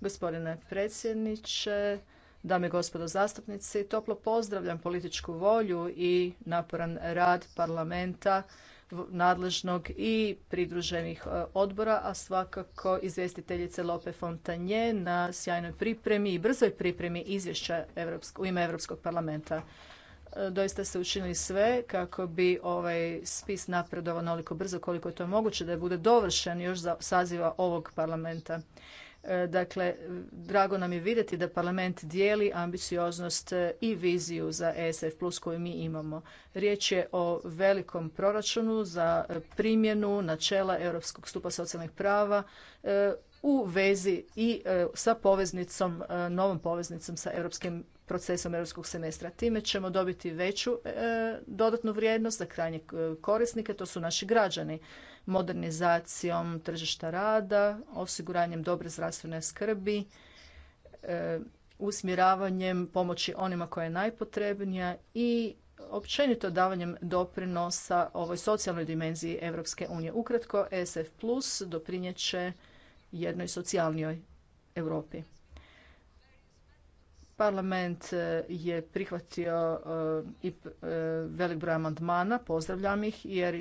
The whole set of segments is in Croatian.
Gospodine predsjedniče, dame i gospodo zastupnici, toplo pozdravljam političku volju i naporan rad parlamenta nadležnog i pridruženih e, odbora, a svakako izvjestiteljice Lope Fontanje na sjajnoj pripremi i brzoj pripremi izvješća u ime Europskog parlamenta. E, doista ste učinili sve kako bi ovaj spis napredovao onoliko brzo koliko je to moguće da bude dovršen još za saziva ovog parlamenta. E, dakle, drago nam je vidjeti da parlament dijeli ambicioznost e, i viziju za ESF plus koju mi imamo. Riječ je o velikom proračunu za e, primjenu načela Europskog stupa socijalnih prava u vezi i sa poveznicom, novom poveznicom sa europskim procesom europskog semestra. Time ćemo dobiti veću dodatnu vrijednost za krajnje korisnike, to su naši građani modernizacijom tržišta rada, osiguranjem dobre zdravstvene skrbi, e, usmjeravanjem pomoći onima koja je najpotrebnija i općenito davanjem doprinosa ovoj socijalnoj dimenziji Europske unije. Ukratko, ESF Plus doprinjeće jednoj socijalnijoj Europi. Parlament e, je prihvatio e, i e, velik broj amandmana, pozdravljam ih jer,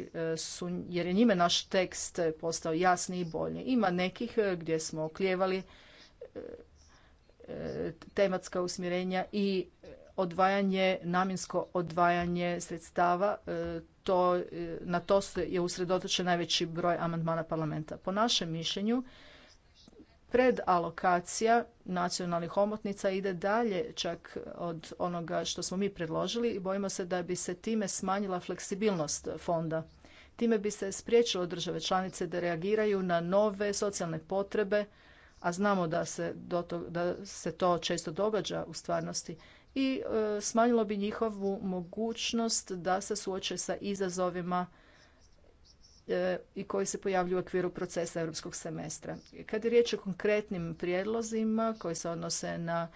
je njime naš tekst postao jasniji i bolji. Ima nekih gdje smo oklijevali tematska usmjerenja i odvajanje, namjensko odvajanje sredstava, to, na to je usredotočen najveći broj amandmana parlamenta. Po našem mišljenju, predalokacija nacionalnih omotnica ide dalje čak od onoga što smo mi predložili i bojimo se da bi se time smanjila fleksibilnost fonda. Time bi se spriječilo države članice da reagiraju na nove socijalne potrebe, a znamo da se, do to, da se to često događa u stvarnosti, i e, smanjilo bi njihovu mogućnost da se suoče sa izazovima E, i koji se pojavljuju u okviru procesa europskog semestra. Kad je riječ o konkretnim prijedlozima koji se odnose na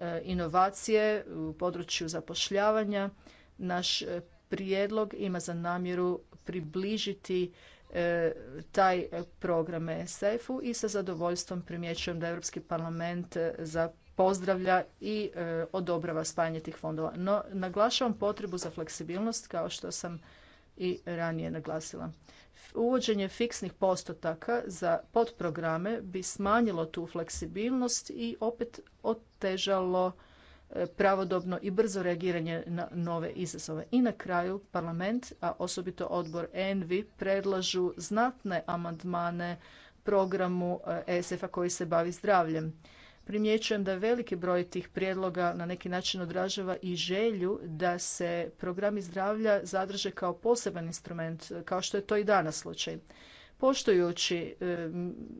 e, inovacije u području zapošljavanja, naš e, prijedlog ima za namjeru približiti taj program ESF-u i sa zadovoljstvom primjećujem da Europski parlament za pozdravlja i odobrava spajanje tih fondova. No, naglašavam potrebu za fleksibilnost, kao što sam i ranije naglasila. Uvođenje fiksnih postotaka za podprograme bi smanjilo tu fleksibilnost i opet otežalo e, pravodobno i brzo reagiranje na nove izazove. I na kraju parlament, a osobito odbor ENVI, predlažu znatne amandmane programu e, ESF-a koji se bavi zdravljem primjećujem da veliki broj tih prijedloga na neki način odražava i želju da se programi zdravlja zadrže kao poseban instrument, kao što je to i danas slučaj. Poštujući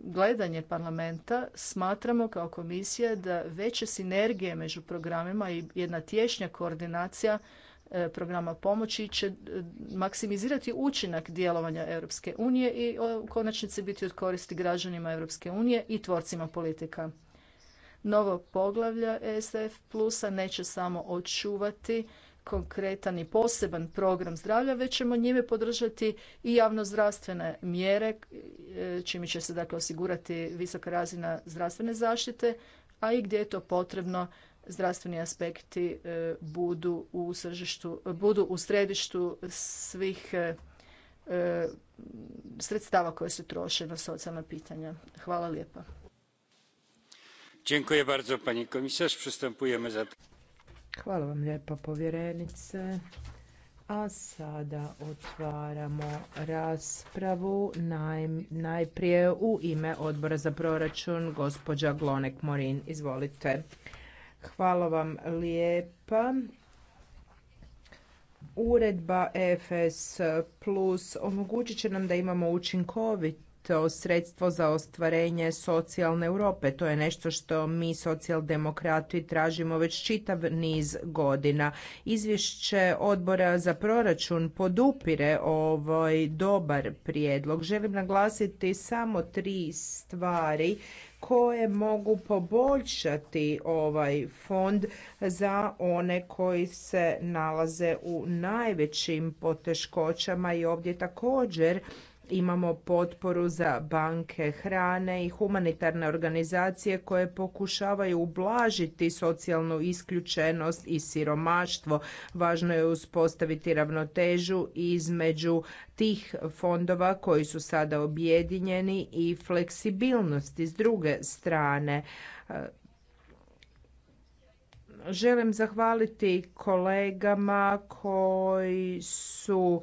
gledanje parlamenta, smatramo kao komisija da veće sinergije među programima i jedna tješnja koordinacija e, programa pomoći će e, maksimizirati učinak djelovanja Europske unije i u konačnici biti od koristi građanima Europske unije i tvorcima politika. Novo poglavlja e SF+, plusa neće samo očuvati konkretan i poseban program zdravlja, već ćemo njime podržati i javnozdravstvene mjere, e, čime će se dakle osigurati visoka razina zdravstvene zaštite, a i gdje je to potrebno zdravstveni aspekti e, budu u, budu u središtu svih sredstava koje se troše na socijalna pitanja. Hvala lijepa. Hvala vam lijepa povjerenice. A sada otvaramo raspravu najprije u ime odbora za proračun gospođa Glonek Morin. Izvolite. Hvala vam lijepa. Uredba EFS Plus omogućit će nam da imamo učinkovit to sredstvo za ostvarenje socijalne Europe. To je nešto što mi socijaldemokrati tražimo već čitav niz godina. Izvješće odbora za proračun podupire ovaj dobar prijedlog. Želim naglasiti samo tri stvari koje mogu poboljšati ovaj fond za one koji se nalaze u najvećim poteškoćama i ovdje također imamo potporu za banke hrane i humanitarne organizacije koje pokušavaju ublažiti socijalnu isključenost i siromaštvo. Važno je uspostaviti ravnotežu između tih fondova koji su sada objedinjeni i fleksibilnosti s druge strane. Želim zahvaliti kolegama koji su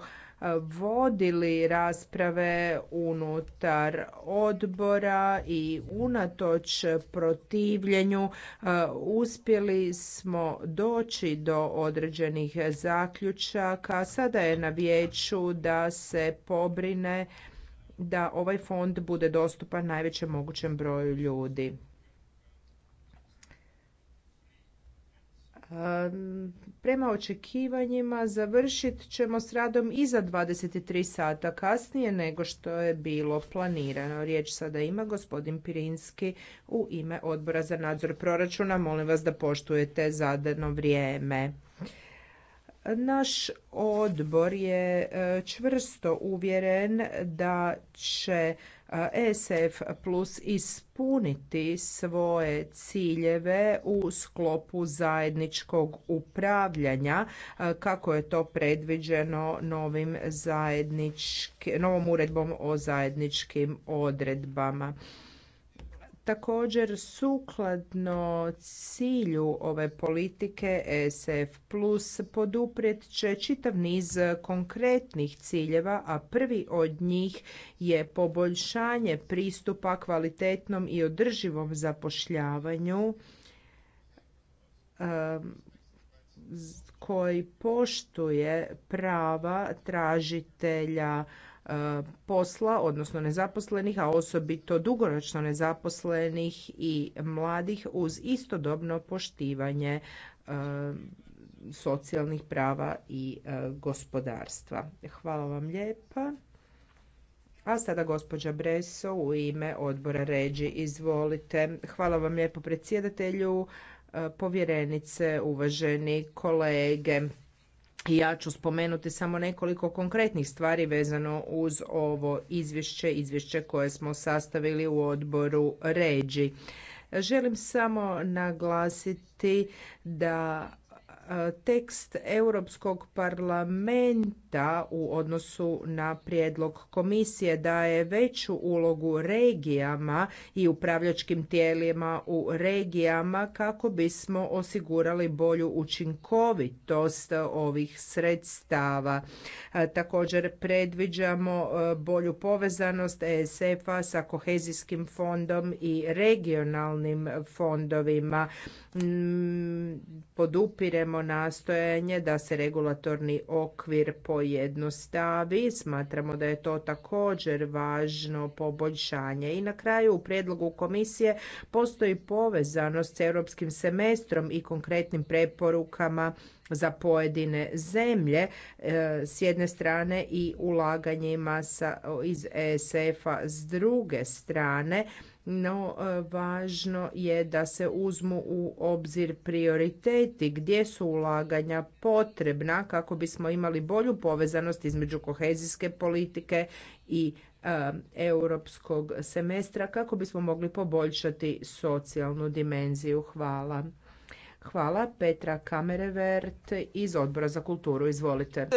vodili rasprave unutar odbora i unatoč protivljenju e, uspjeli smo doći do određenih zaključaka. Sada je na vijeću da se pobrine da ovaj fond bude dostupan najvećem mogućem broju ljudi. Prema očekivanjima završit ćemo s radom iza 23 sata kasnije nego što je bilo planirano. Riječ sada ima gospodin Pirinski u ime odbora za nadzor proračuna. Molim vas da poštujete zadano vrijeme. Naš odbor je e, čvrsto uvjeren da će ESF plus ispuniti svoje ciljeve u sklopu zajedničkog upravljanja kako je to predviđeno novim novom uredbom o zajedničkim odredbama. Također, sukladno cilju ove politike e SF Plus poduprijet će čitav niz konkretnih ciljeva, a prvi od njih je poboljšanje pristupa kvalitetnom i održivom zapošljavanju koji poštuje prava tražitelja E, posla, odnosno nezaposlenih, a osobito dugoročno nezaposlenih i mladih uz istodobno poštivanje e, socijalnih prava i e, gospodarstva. Hvala vam lijepa. A sada gospođa Breso u ime odbora Ređi. Izvolite. Hvala vam lijepo predsjedatelju, povjerenice, uvaženi kolege ja ću spomenuti samo nekoliko konkretnih stvari vezano uz ovo izvješće, izvješće koje smo sastavili u odboru Ređi. Želim samo naglasiti da E, tekst Europskog parlamenta u odnosu na prijedlog komisije daje veću ulogu regijama i upravljačkim tijelima u regijama kako bismo osigurali bolju učinkovitost ovih sredstava. E, također predviđamo e, bolju povezanost ESF-a sa kohezijskim fondom i regionalnim fondovima. Podupiremo nastojanje da se regulatorni okvir pojednostavi. Smatramo da je to također važno poboljšanje. I na kraju u prijedlogu komisije postoji povezanost s europskim semestrom i konkretnim preporukama za pojedine zemlje e, s jedne strane i ulaganjima iz ESF-a s druge strane no e, važno je da se uzmu u obzir prioriteti gdje su ulaganja potrebna kako bismo imali bolju povezanost između kohezijske politike i e, europskog semestra kako bismo mogli poboljšati socijalnu dimenziju. Hvala. Hvala. Petra Kamerevert iz Odbora za kulturu. Izvolite.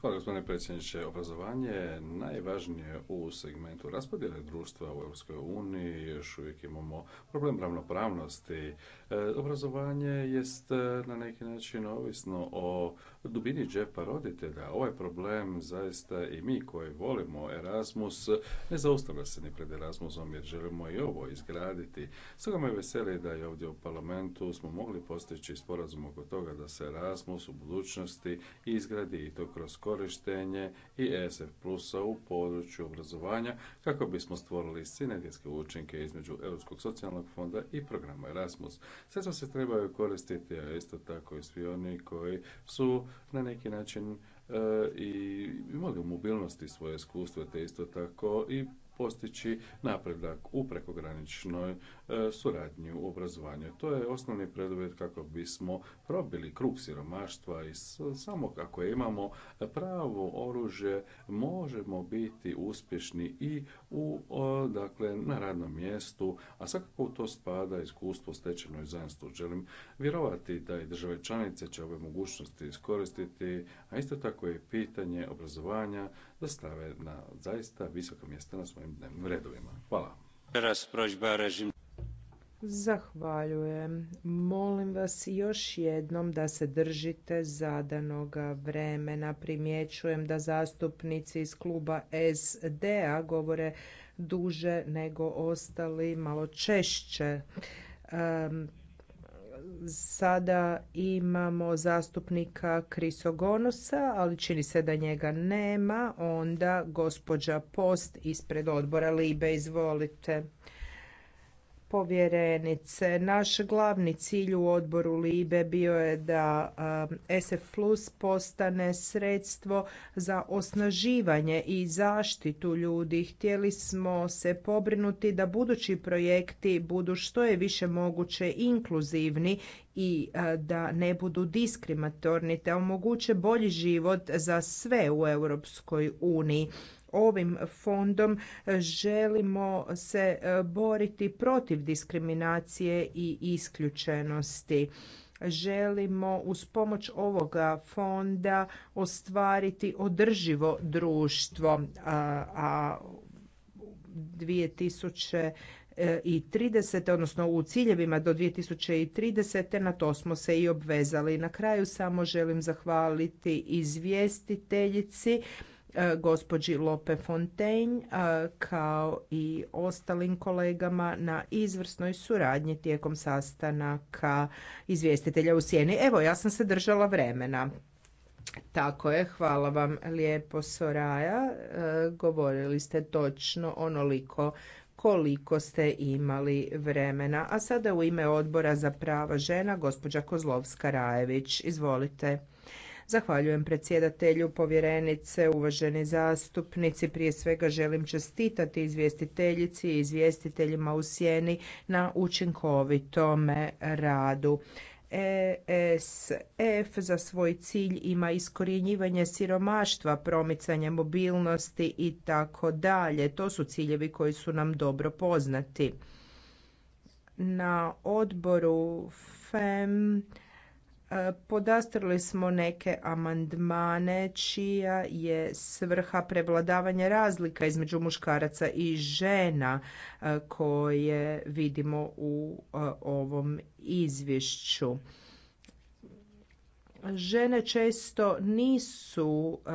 Hvala gospodine predsjedniče. Obrazovanje je najvažnije u segmentu raspodjele društva u EU. Još uvijek imamo problem ravnopravnosti E, obrazovanje jest e, na neki način ovisno o dubini džepa roditelja. Ovaj problem zaista i mi koji volimo Erasmus ne zaustavlja se ni pred Erasmusom jer želimo i ovo izgraditi. Stoga me veseli da je ovdje u parlamentu smo mogli postići sporazum oko toga da se Erasmus u budućnosti izgradi i to kroz korištenje i ESF plusa u području obrazovanja kako bismo stvorili sinergijske učinke između Europskog socijalnog fonda i programa Erasmus. Sredstva se trebaju koristiti, a isto tako i svi oni koji su na neki način e, i imali u mobilnosti svoje iskustvo, te isto tako i postići napredak u prekograničnoj e, suradnji u obrazovanju. To je osnovni preduvjet kako bismo probili krug siromaštva i samo kako imamo pravo oružje možemo biti uspješni i u, dakle, na radnom mjestu, a svakako u to spada iskustvo stečeno iz zajednosti. Želim vjerovati da i države članice će ove mogućnosti iskoristiti, a isto tako je pitanje obrazovanja da stave na zaista visoka mjesta na svojim dnevnim redovima. Hvala. Zahvaljujem. Molim vas još jednom da se držite zadanoga vremena. Primjećujem da zastupnici iz kluba sda govore duže nego ostali, malo češće. Sada imamo zastupnika Krisogonosa, ali čini se da njega nema. Onda gospođa Post ispred odbora Libe, izvolite povjerenice. Naš glavni cilj u odboru LIBE bio je da um, SF Plus postane sredstvo za osnaživanje i zaštitu ljudi. Htjeli smo se pobrinuti da budući projekti budu što je više moguće inkluzivni i uh, da ne budu diskriminatorni te omoguće bolji život za sve u Europskoj uniji ovim fondom e, želimo se e, boriti protiv diskriminacije i isključenosti želimo uz pomoć ovoga fonda ostvariti održivo društvo a 2030, odnosno u ciljevima do 2030. Na to smo se i obvezali. Na kraju samo želim zahvaliti izvjestiteljici E, gospođi Lope Fontaine e, kao i ostalim kolegama na izvrsnoj suradnji tijekom sastanaka izvjestitelja u sjeni. Evo, ja sam se držala vremena. Tako je, hvala vam lijepo Soraja. E, govorili ste točno onoliko koliko ste imali vremena. A sada u ime odbora za prava žena, gospođa Kozlovska Rajević. Izvolite. Zahvaljujem predsjedatelju, povjerenice, uvaženi zastupnici. Prije svega želim čestitati izvjestiteljici i izvjestiteljima u sjeni na učinkovitome radu. ESF za svoj cilj ima iskorjenjivanje siromaštva, promicanje mobilnosti i tako dalje. To su ciljevi koji su nam dobro poznati. Na odboru FEM Podastrli smo neke amandmane čija je svrha prevladavanje razlika između muškaraca i žena eh, koje vidimo u eh, ovom izvješću žene često nisu e,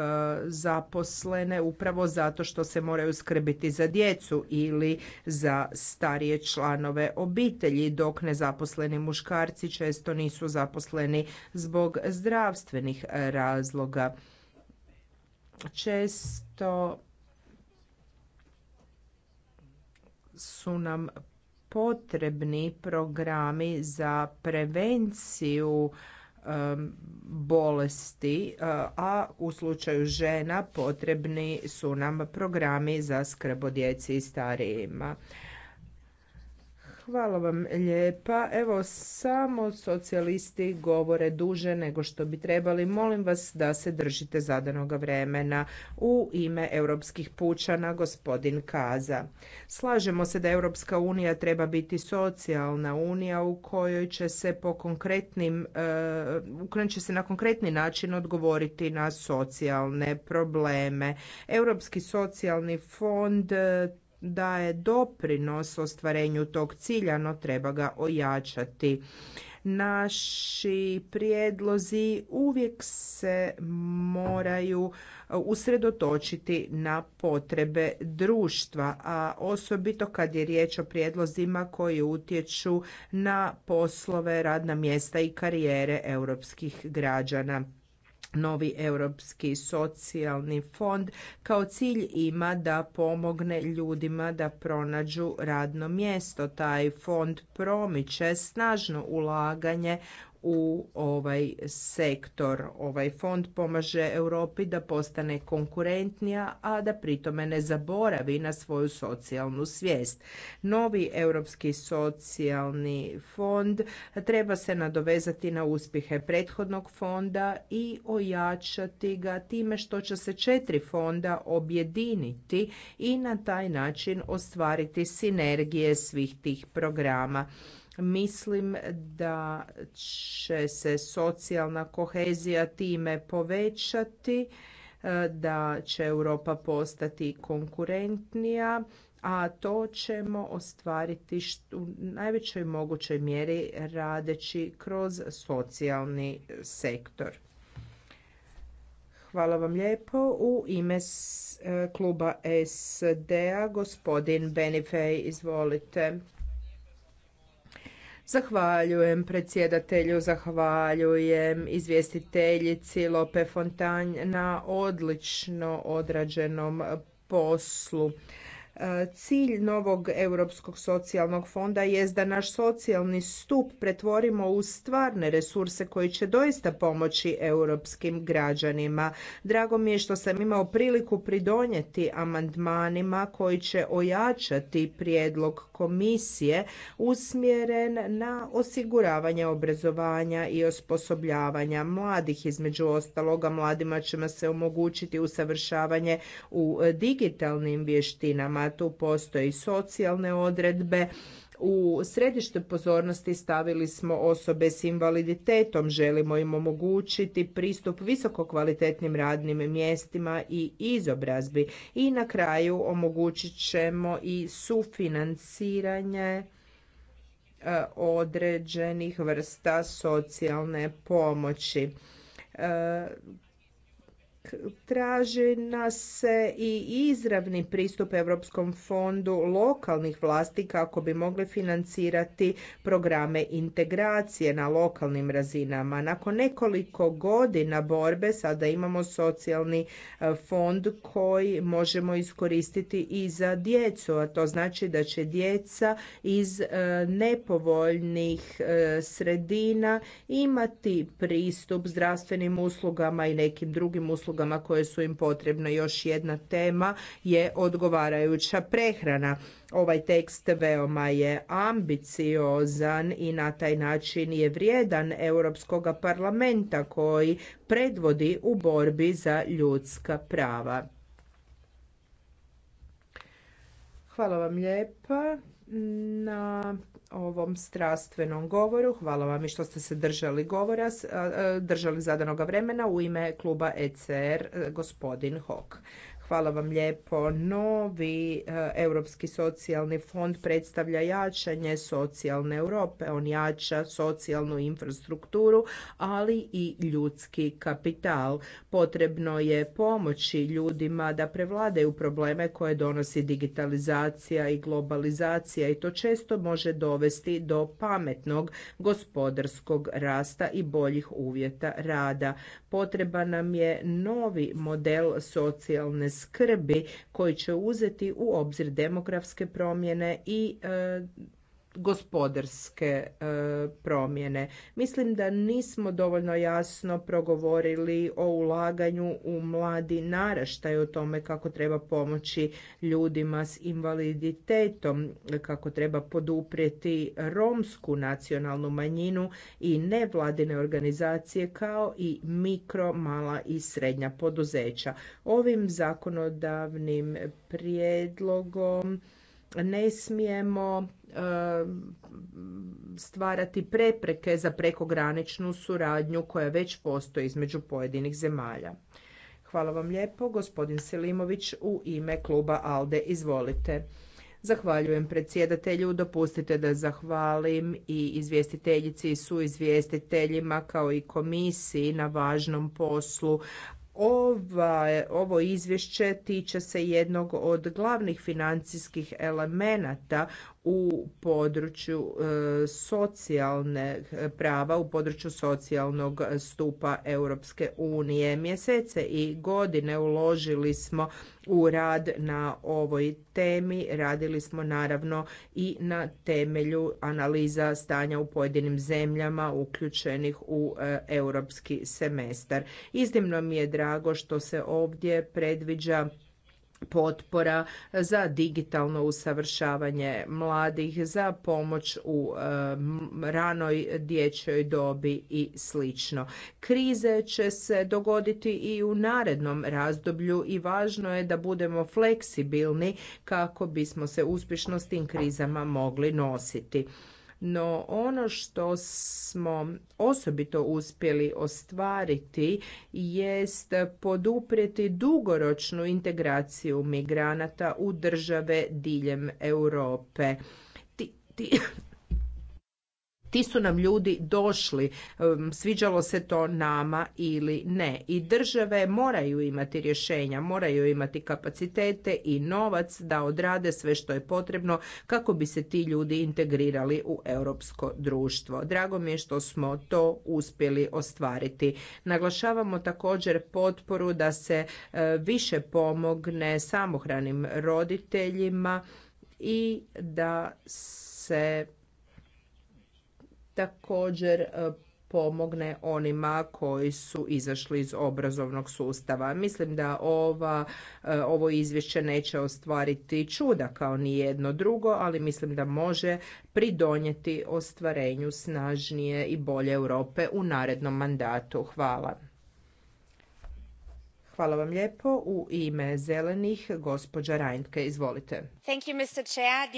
zaposlene upravo zato što se moraju skrbiti za djecu ili za starije članove obitelji dok nezaposleni muškarci često nisu zaposleni zbog zdravstvenih razloga često su nam potrebni programi za prevenciju bolesti, eh, a u slučaju žena potrebni su nam programi za skrb o djeci i starijima. Hvala vam lijepa. Evo, samo socijalisti govore duže nego što bi trebali. Molim vas da se držite zadanoga vremena u ime europskih pučana, gospodin Kaza. Slažemo se da Europska unija treba biti socijalna unija u kojoj će se po konkretnim, e, u kojoj će se na konkretni način odgovoriti na socijalne probleme. Europski socijalni fond da je doprinos ostvarenju tog cilja, no treba ga ojačati. Naši prijedlozi uvijek se moraju e, usredotočiti na potrebe društva, a osobito kad je riječ o prijedlozima koji utječu na poslove, radna mjesta i karijere europskih građana novi europski socijalni fond kao cilj ima da pomogne ljudima da pronađu radno mjesto taj fond promiče snažno ulaganje u ovaj sektor. Ovaj fond pomaže Europi da postane konkurentnija, a da pritome ne zaboravi na svoju socijalnu svijest. Novi Europski socijalni fond treba se nadovezati na uspjehe prethodnog fonda i ojačati ga time što će se četiri fonda objediniti i na taj način ostvariti sinergije svih tih programa. Mislim da će se socijalna kohezija time povećati, e, da će Europa postati konkurentnija, a to ćemo ostvariti u najvećoj mogućoj mjeri radeći kroz socijalni sektor. Hvala vam lijepo. U ime e, kluba SD-a gospodin Benifej, izvolite. Zahvaljujem predsjedatelju, zahvaljujem izvjestiteljici Lope Fontanj na odlično odrađenom poslu. E, cilj novog Europskog socijalnog fonda je da naš socijalni stup pretvorimo u stvarne resurse koji će doista pomoći europskim građanima. Drago mi je što sam imao priliku pridonijeti amandmanima koji će ojačati prijedlog komisije usmjeren na osiguravanje obrazovanja i osposobljavanja mladih. Između ostaloga, mladima ćemo se omogućiti usavršavanje u digitalnim vještinama tu postoje i socijalne odredbe. U središte pozornosti stavili smo osobe s invaliditetom, želimo im omogućiti pristup visokokvalitetnim radnim mjestima i izobrazbi i na kraju omogućit ćemo i sufinanciranje e, određenih vrsta socijalne pomoći e, traži nas se i izravni pristup Europskom fondu lokalnih vlasti kako bi mogli financirati programe integracije na lokalnim razinama. Nakon nekoliko godina borbe sada imamo socijalni e, fond koji možemo iskoristiti i za djecu, a to znači da će djeca iz e, nepovoljnih e, sredina imati pristup zdravstvenim uslugama i nekim drugim uslugama uslugama koje su im potrebne. Još jedna tema je odgovarajuća prehrana. Ovaj tekst veoma je ambiciozan i na taj način je vrijedan Europskog parlamenta koji predvodi u borbi za ljudska prava. Hvala vam lijepa na ovom strastvenom govoru. Hvala vam i što ste se držali govora, držali zadanoga vremena u ime kluba ECR gospodin hok. Hvala vam lijepo. Novi e, Europski socijalni fond predstavlja jačanje socijalne Europe. On jača socijalnu infrastrukturu, ali i ljudski kapital. Potrebno je pomoći ljudima da prevladaju probleme koje donosi digitalizacija i globalizacija i to često može dovesti do pametnog gospodarskog rasta i boljih uvjeta rada. Potreba nam je novi model socijalne skrbi koji će uzeti u obzir demografske promjene i e, gospodarske e, promjene. Mislim da nismo dovoljno jasno progovorili o ulaganju u mladi naraštaj, o tome kako treba pomoći ljudima s invaliditetom, kako treba poduprijeti romsku nacionalnu manjinu i nevladine organizacije kao i mikro, mala i srednja poduzeća. Ovim zakonodavnim prijedlogom ne smijemo E, stvarati prepreke za prekograničnu suradnju koja već postoji između pojedinih zemalja. Hvala vam lijepo. Gospodin Selimović u ime kluba ALDE. Izvolite. Zahvaljujem predsjedatelju. Dopustite da zahvalim i izvjestiteljici i suizvjestiteljima kao i komisiji na važnom poslu. Ova, ovo izvješće tiče se jednog od glavnih financijskih elemenata u području e, socijalne e, prava, u području socijalnog stupa Europske unije. Mjesece i godine uložili smo u rad na ovoj temi. Radili smo naravno i na temelju analiza stanja u pojedinim zemljama uključenih u e, europski semestar. Iznimno mi je drago što se ovdje predviđa potpora za digitalno usavršavanje mladih, za pomoć u ranoj dječjoj dobi i sl. Krize će se dogoditi i u narednom razdoblju i važno je da budemo fleksibilni kako bismo se uspješno s tim krizama mogli nositi. No ono što smo osobito uspjeli ostvariti jest poduprijeti dugoročnu integraciju migranata u države diljem Europe. Ti, ti ti su nam ljudi došli, sviđalo se to nama ili ne. I države moraju imati rješenja, moraju imati kapacitete i novac da odrade sve što je potrebno kako bi se ti ljudi integrirali u europsko društvo. Drago mi je što smo to uspjeli ostvariti. Naglašavamo također potporu da se e, više pomogne samohranim roditeljima i da se također e, pomogne onima koji su izašli iz obrazovnog sustava. Mislim da ova, e, ovo izvješće neće ostvariti čuda kao ni jedno drugo, ali mislim da može pridonijeti ostvarenju snažnije i bolje Europe u narednom mandatu. Hvala. Hvala vam lijepo. U ime zelenih, gospođa Reintke, izvolite. Thank you, Mr. Chair,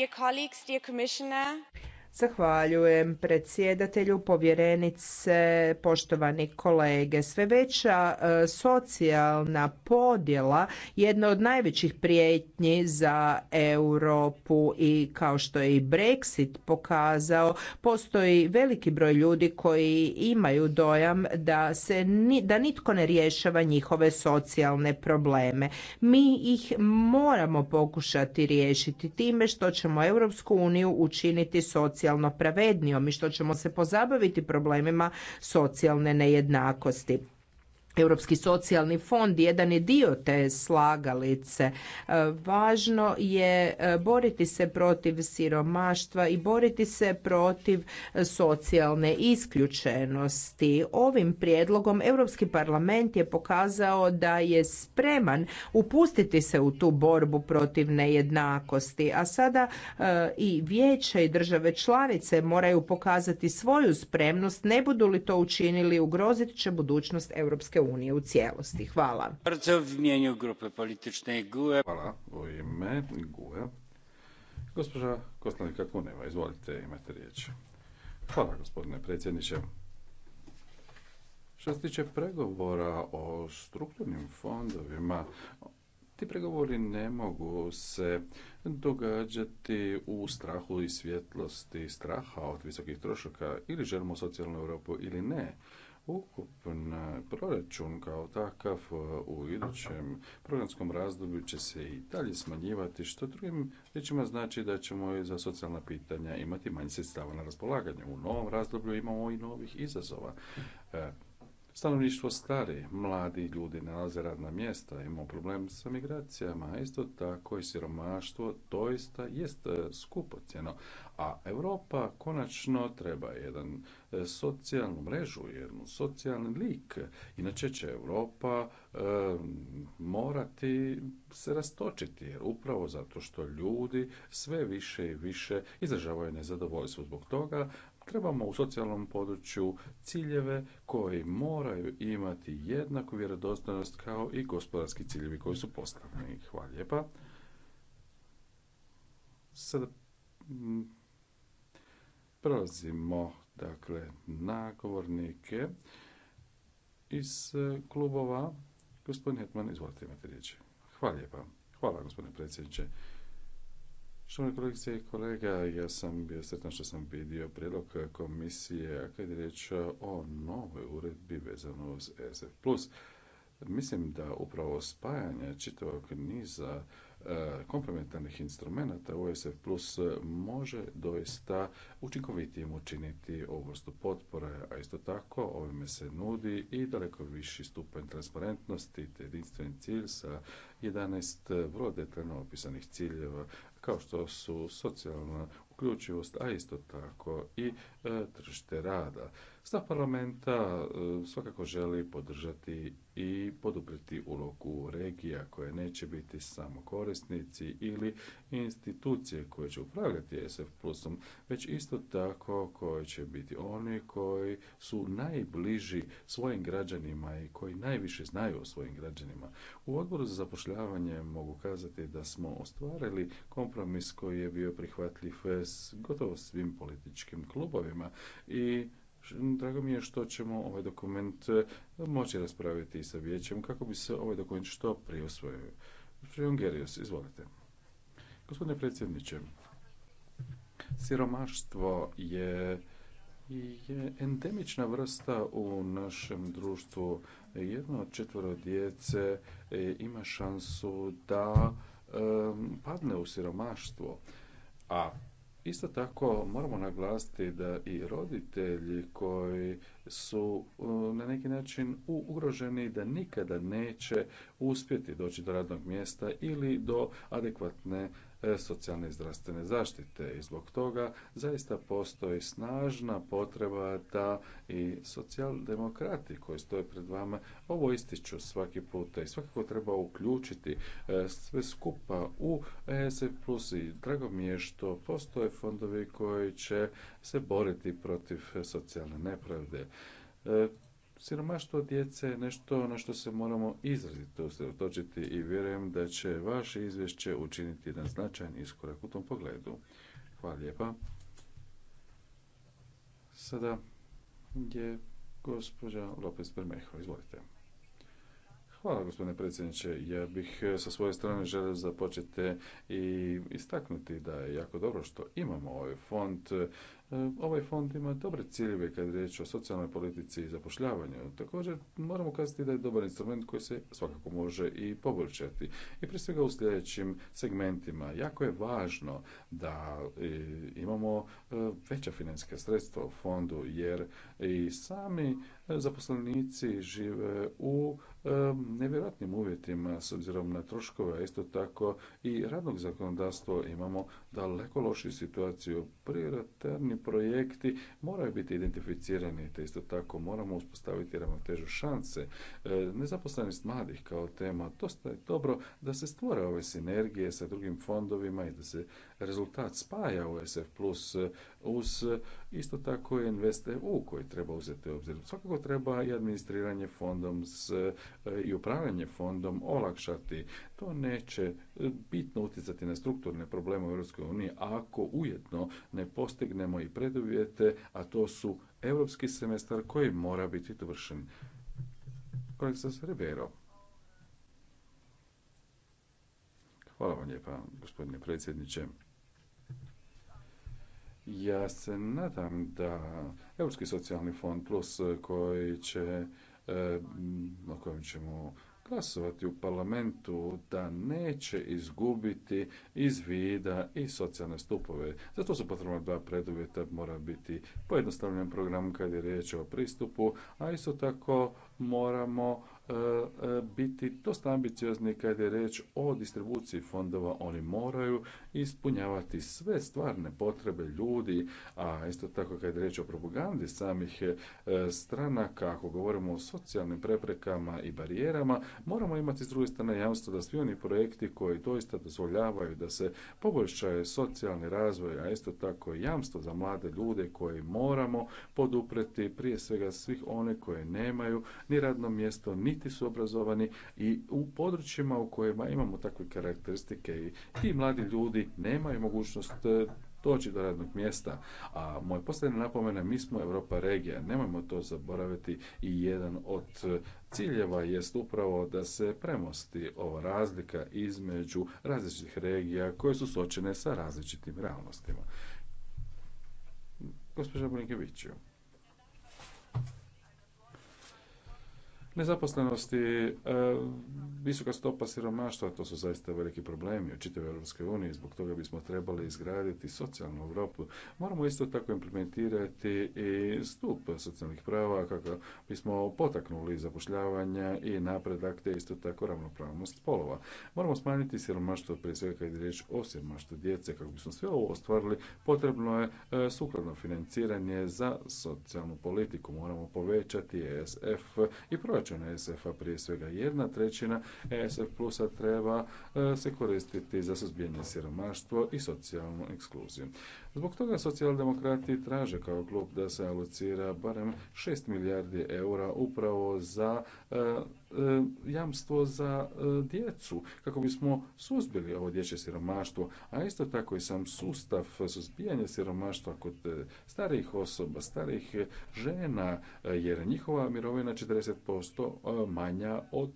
Zahvaljujem predsjedatelju, povjerenice, poštovani kolege. Sve veća e, socijalna podjela jedna od najvećih prijetnji za Europu i kao što je i Brexit pokazao, postoji veliki broj ljudi koji imaju dojam da se da nitko ne rješava njihove socijalne probleme. Mi ih moramo pokušati riješiti time što ćemo Europsku uniju učiniti socijalno socijalno pravednijom i što ćemo se pozabaviti problemima socijalne nejednakosti. Europski socijalni fond jedan je dio te slagalice. E, važno je e, boriti se protiv siromaštva i boriti se protiv socijalne isključenosti. Ovim prijedlogom Europski parlament je pokazao da je spreman upustiti se u tu borbu protiv nejednakosti, a sada e, i vijeće i države članice moraju pokazati svoju spremnost, ne budu li to učinili ugrozit će budućnost Europske unije u cijelosti. Hvala. E. Hvala u ime GUE. Gospođa Kostanika Kuneva, izvolite, imate riječ. Hvala gospodine predsjedniče. Što se tiče pregovora o strukturnim fondovima, ti pregovori ne mogu se događati u strahu i svjetlosti straha od visokih trošaka ili želimo socijalnu Europu ili ne. Ukupan proračun kao takav e, u idućem programskom razdoblju će se i dalje smanjivati, što drugim rečima znači da ćemo i za socijalna pitanja imati manje sredstava na raspolaganju. U novom razdoblju imamo i novih izazova e, Stanovništvo stari, mladi ljudi nalaze radna mjesta, imamo problem sa migracijama, a isto tako i siromaštvo doista jest e, skupocjeno. A Europa konačno treba jedan e, socijalnu mrežu, jednu socijalni lik. Inače će Europa e, morati se rastočiti, jer upravo zato što ljudi sve više i više izražavaju nezadovoljstvo. Zbog toga trebamo u socijalnom području ciljeve koji moraju imati jednaku vjerodostojnost kao i gospodarski ciljevi koji su postavljeni. Hvala lijepa. Sada mm, prelazimo dakle na govornike iz e, klubova. Gospodin Hetman, izvolite imate riječ. Hvala lijepa. Hvala gospodine predsjedniče. Štovane kolegice i kolega, ja sam bio sretan što sam vidio prijedlog komisije kad je riječ o novoj uredbi vezano uz EZ+. Mislim da upravo spajanje čitavog niza E, komplementarnih instrumenata USF Plus može doista učinkovitijim učiniti ovu vrstu potpore, a isto tako ovime se nudi i daleko viši stupanj transparentnosti te jedinstveni cilj sa 11 vrlo detaljno opisanih ciljeva kao što su socijalna uključivost, a isto tako i e, tržište rada. Stav parlamenta e, svakako želi podržati i poduprijeti ulogu regija koje neće biti samo korisnici ili institucije koje će upravljati SF plusom, već isto tako koje će biti oni koji su najbliži svojim građanima i koji najviše znaju o svojim građanima. U odboru za zapošljavanje mogu kazati da smo ostvarili kompromis koji je bio prihvatljiv s gotovo svim političkim klubovima i Drago mi je što ćemo ovaj dokument e, moći raspraviti sa vijećem kako bi se ovaj dokument što prije usvojio. izvolite. Gospodine predsjedniče, siromaštvo je je endemična vrsta u našem društvu. Jedno od četvoro djece e, ima šansu da e, padne u siromaštvo. A Isto tako moramo naglasiti da i roditelji koji su e, na neki način ugroženi da nikada neće uspjeti doći do radnog mjesta ili do adekvatne E, socijalne i zdravstvene zaštite i zbog toga zaista postoji snažna potreba da i socijaldemokrati koji stoje pred vama ovo ističu svaki puta i svakako treba uključiti e, sve skupa u ESF plus i drago mi je što postoje fondovi koji će se boriti protiv socijalne nepravde e, Siromaštvo djece je nešto na što se moramo izrazito usredotočiti i vjerujem da će vaše izvješće učiniti jedan značajan iskorak u tom pogledu. Hvala lijepa. Sada je gospođa Lopez Bermejo. Izvolite. Hvala gospodine predsjedniče. Ja bih e, sa svoje strane želio započeti i istaknuti da je jako dobro što imamo ovaj fond. E, ovaj fond ima dobre ciljeve kad je riječ o socijalnoj politici i zapošljavanju. Također moramo kazati da je dobar instrument koji se svakako može i poboljšati. I prije svega u sljedećim segmentima. Jako je važno da e, imamo veća financijska sredstva u fondu jer i sami zaposlenici žive u nevjerojatnim uvjetima s obzirom na troškove, a isto tako i radnog zakonodavstva imamo daleko lošiju situaciju. Prioritarni projekti moraju biti identificirani, te isto tako moramo uspostaviti ravnotežu šanse. Nezaposlenost mladih kao tema, dosta je dobro da se stvore ove sinergije sa drugim fondovima i da se rezultat spaja u SF Plus e, uz e, isto tako je Invest EU koji treba uzeti u obzir. Svakako treba i administriranje fondom e, i upravljanje fondom olakšati. To neće bitno utjecati na strukturne probleme u EU, ako ujedno ne postignemo i preduvjete, a to su europski semestar koji mora biti dovršen. Kolegica Hvala vam lijepa, gospodine predsjedniče. Ja se nadam da Europski socijalni fond plus eh, koji će na eh, kojem ćemo glasovati u parlamentu da neće izgubiti iz vida i socijalne stupove. Zato su potrebna dva preduvjeta, mora biti pojednostavljen program kad je riječ o pristupu, a isto tako moramo E, e, biti dosta ambiciozni kada je riječ o distribuciji fondova. Oni moraju ispunjavati sve stvarne potrebe ljudi, a isto tako kada je riječ o propagandi samih e, stranaka, ako govorimo o socijalnim preprekama i barijerama, moramo imati s druge strane jamstvo da svi oni projekti koji doista dozvoljavaju da se poboljšaju socijalni razvoj, a isto tako i jamstvo za mlade ljude koje moramo podupreti prije svega svih one koje nemaju ni radno mjesto, ni niti su obrazovani i u područjima u kojima imamo takve karakteristike i ti mladi ljudi nemaju mogućnost e, doći do radnog mjesta. A moje posljednje napomena, mi smo Europa regija, nemojmo to zaboraviti i jedan od e, ciljeva jest upravo da se premosti ova razlika između različitih regija koje su sočene sa različitim realnostima. Gospođa Blinkeviću. nezaposlenosti, e, visoka stopa siromaštva, to su zaista veliki problemi u čitavoj Europskoj uniji, zbog toga bismo trebali izgraditi socijalnu Europu. Moramo isto tako implementirati i stup socijalnih prava kako bismo potaknuli zapošljavanja i napredak te isto tako ravnopravnost spolova. Moramo smanjiti siromaštvo prije svega kad je riječ o siromaštvu djece kako bismo sve ovo ostvarili potrebno je e, sukladno financiranje za socijalnu politiku. Moramo povećati ESF i proračun na sf a prije svega jedna trećina e SF plusa treba e, se koristiti za suzbijanje siromaštvo i socijalnu ekskluziju. Zbog toga socijaldemokrati traže kao klub da se alocira barem 6 milijardi eura upravo za e, E, jamstvo za e, djecu kako bismo suzbili ovo dječje siromaštvo, a isto tako i sam sustav suzbijanja siromaštva kod e, starijih osoba, starijih žena, jer njihova mirovina 40% manja od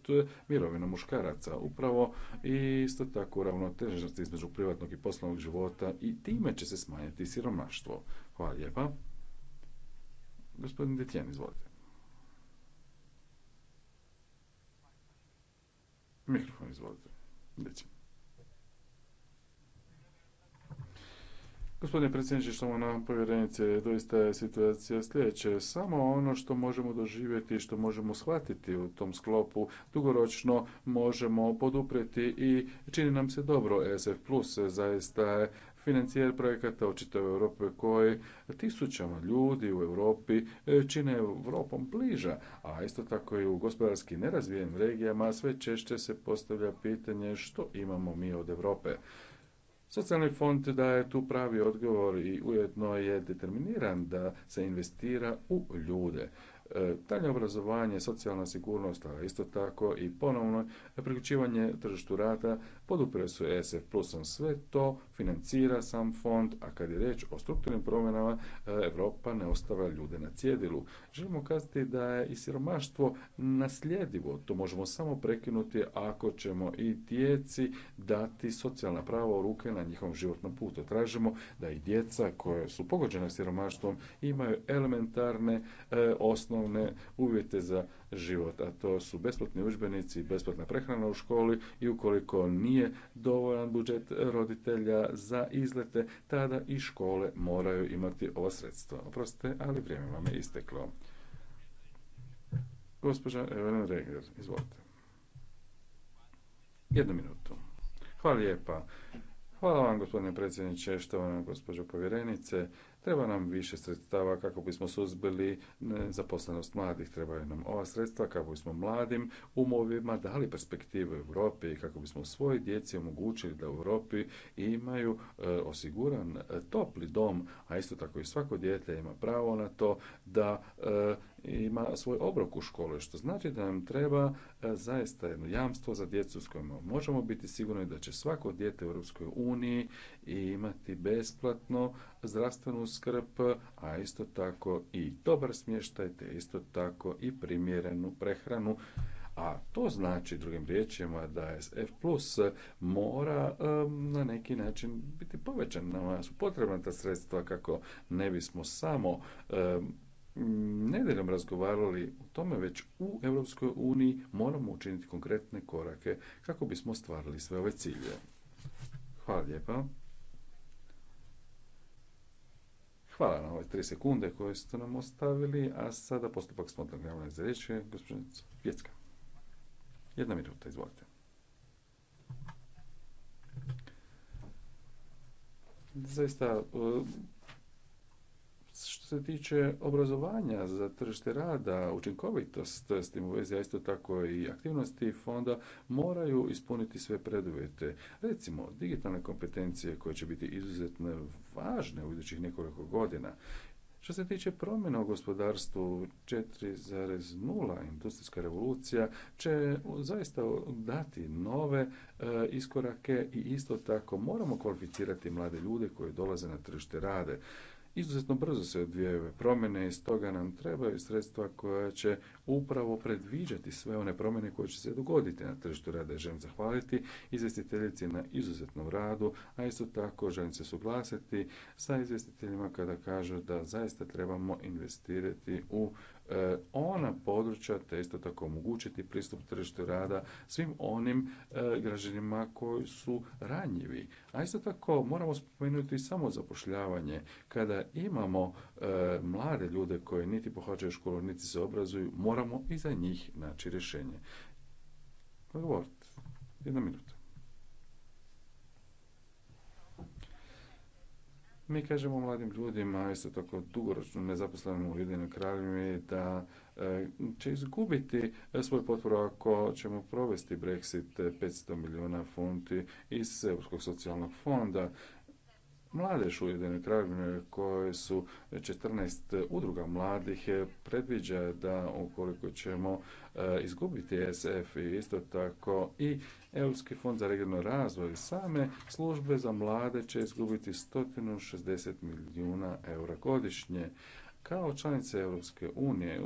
mirovina muškaraca. Upravo i isto tako ravnotežnost između privatnog i poslovnog života i time će se smanjiti siromaštvo. Hvala lijepa. Gospodin Detjen, izvolite. Mikrofon, izvolite. Gospodine predsjedniče, što nam povjerenice, doista je situacija sljedeća. Samo ono što možemo doživjeti, i što možemo shvatiti u tom sklopu, dugoročno možemo poduprijeti i čini nam se dobro. E SF Plus zaista je financijer projekata u čitavoj Europi koji tisućama ljudi u Europi e, čine Europom bliža, a isto tako i u gospodarski nerazvijenim regijama sve češće se postavlja pitanje što imamo mi od Europe. Socijalni fond daje tu pravi odgovor i ujedno je determiniran da se investira u ljude. E, daljnje obrazovanje, socijalna sigurnost, a isto tako i ponovno priključivanje tržištu rada podupire su ESF plusom. Sve to financira sam fond, a kad je riječ o strukturnim promjenama, e, Europa ne ostavlja ljude na cjedilu. Želimo kazati da je i siromaštvo nasljedivo. To možemo samo prekinuti ako ćemo i djeci dati socijalna prava u ruke na njihovom životnom putu. Tražimo da i djeca koje su pogođene siromaštvom imaju elementarne e, osnove osnovne uvjete za život, a to su besplatni udžbenici, besplatna prehrana u školi i ukoliko nije dovoljan budžet roditelja za izlete, tada i škole moraju imati ova sredstva. Oprostite, ali vrijeme vam je isteklo. Gospođa Evelyn izvolite. Jednu minutu. Hvala lijepa. Hvala vam, gospodine predsjedniče, štovana gospođo povjerenice. Treba nam više sredstava kako bismo suzbili zaposlenost mladih. Trebaju nam ova sredstva kako bismo mladim umovima dali perspektivu Europi i kako bismo svoje djeci omogućili da u Europi imaju e, osiguran e, topli dom, a isto tako i svako dijete ima pravo na to da e, ima svoj obrok u školi, što znači da nam treba zaista jedno jamstvo za djecu s kojima možemo biti sigurni da će svako dijete u Europskoj uniji i imati besplatno zdravstvenu skrb, a isto tako i dobar smještaj, te isto tako i primjerenu prehranu a to znači drugim riječima da SF plus mora na neki način biti povećan. Nama su potrebna ta sredstva kako ne bismo samo um, nedeljom razgovarali o tome, već u Europskoj uniji moramo učiniti konkretne korake kako bismo stvarili sve ove ciljeve. Hvala lijepa. Hvala na ove tri sekunde koje ste nam ostavili, a sada postupak spontanog javljanja za riječ je Jedna minuta, izvolite. Zaista, što se tiče obrazovanja za tržište rada, učinkovitost s tim u vezi, a isto tako i aktivnosti fonda moraju ispuniti sve preduvjete. Recimo, digitalne kompetencije koje će biti izuzetno važne u idućih nekoliko godina. Što se tiče promjena u gospodarstvu 4.0, industrijska revolucija će zaista dati nove e, iskorake i isto tako moramo kvalificirati mlade ljude koji dolaze na tržište rade. Izuzetno brzo se odvijaju promjene i stoga nam trebaju sredstva koja će upravo predviđati sve one promjene koje će se dogoditi na tržištu rada. Želim zahvaliti izvjestiteljici na izuzetnom radu, a isto tako želim se suglasiti sa izvjestiteljima kada kažu da zaista trebamo investirati u E, ona područja te isto tako omogućiti pristup tržištu rada svim onim e, građanima koji su ranjivi. A isto tako moramo spomenuti samo zapošljavanje. Kada imamo e, mlade ljude koji niti pohađaju školu, niti se obrazuju, moramo i za njih naći rješenje. Odgovor. Jedna minuta. Mi kažemo mladim ljudima, isto tako dugoročno nezaposlenim u Ujedinjenoj kraljevini, da e, će izgubiti e, svoju potporu ako ćemo provesti Brexit 500 e, milijuna funti iz Europskog socijalnog fonda. Mladež Ujedine kraljevine koje su 14 udruga mladih predviđa da ukoliko ćemo e, izgubiti SF i isto tako i Europski fond za regionalni razvoj same službe za mlade će izgubiti 160 milijuna eura godišnje kao članice Europske unije,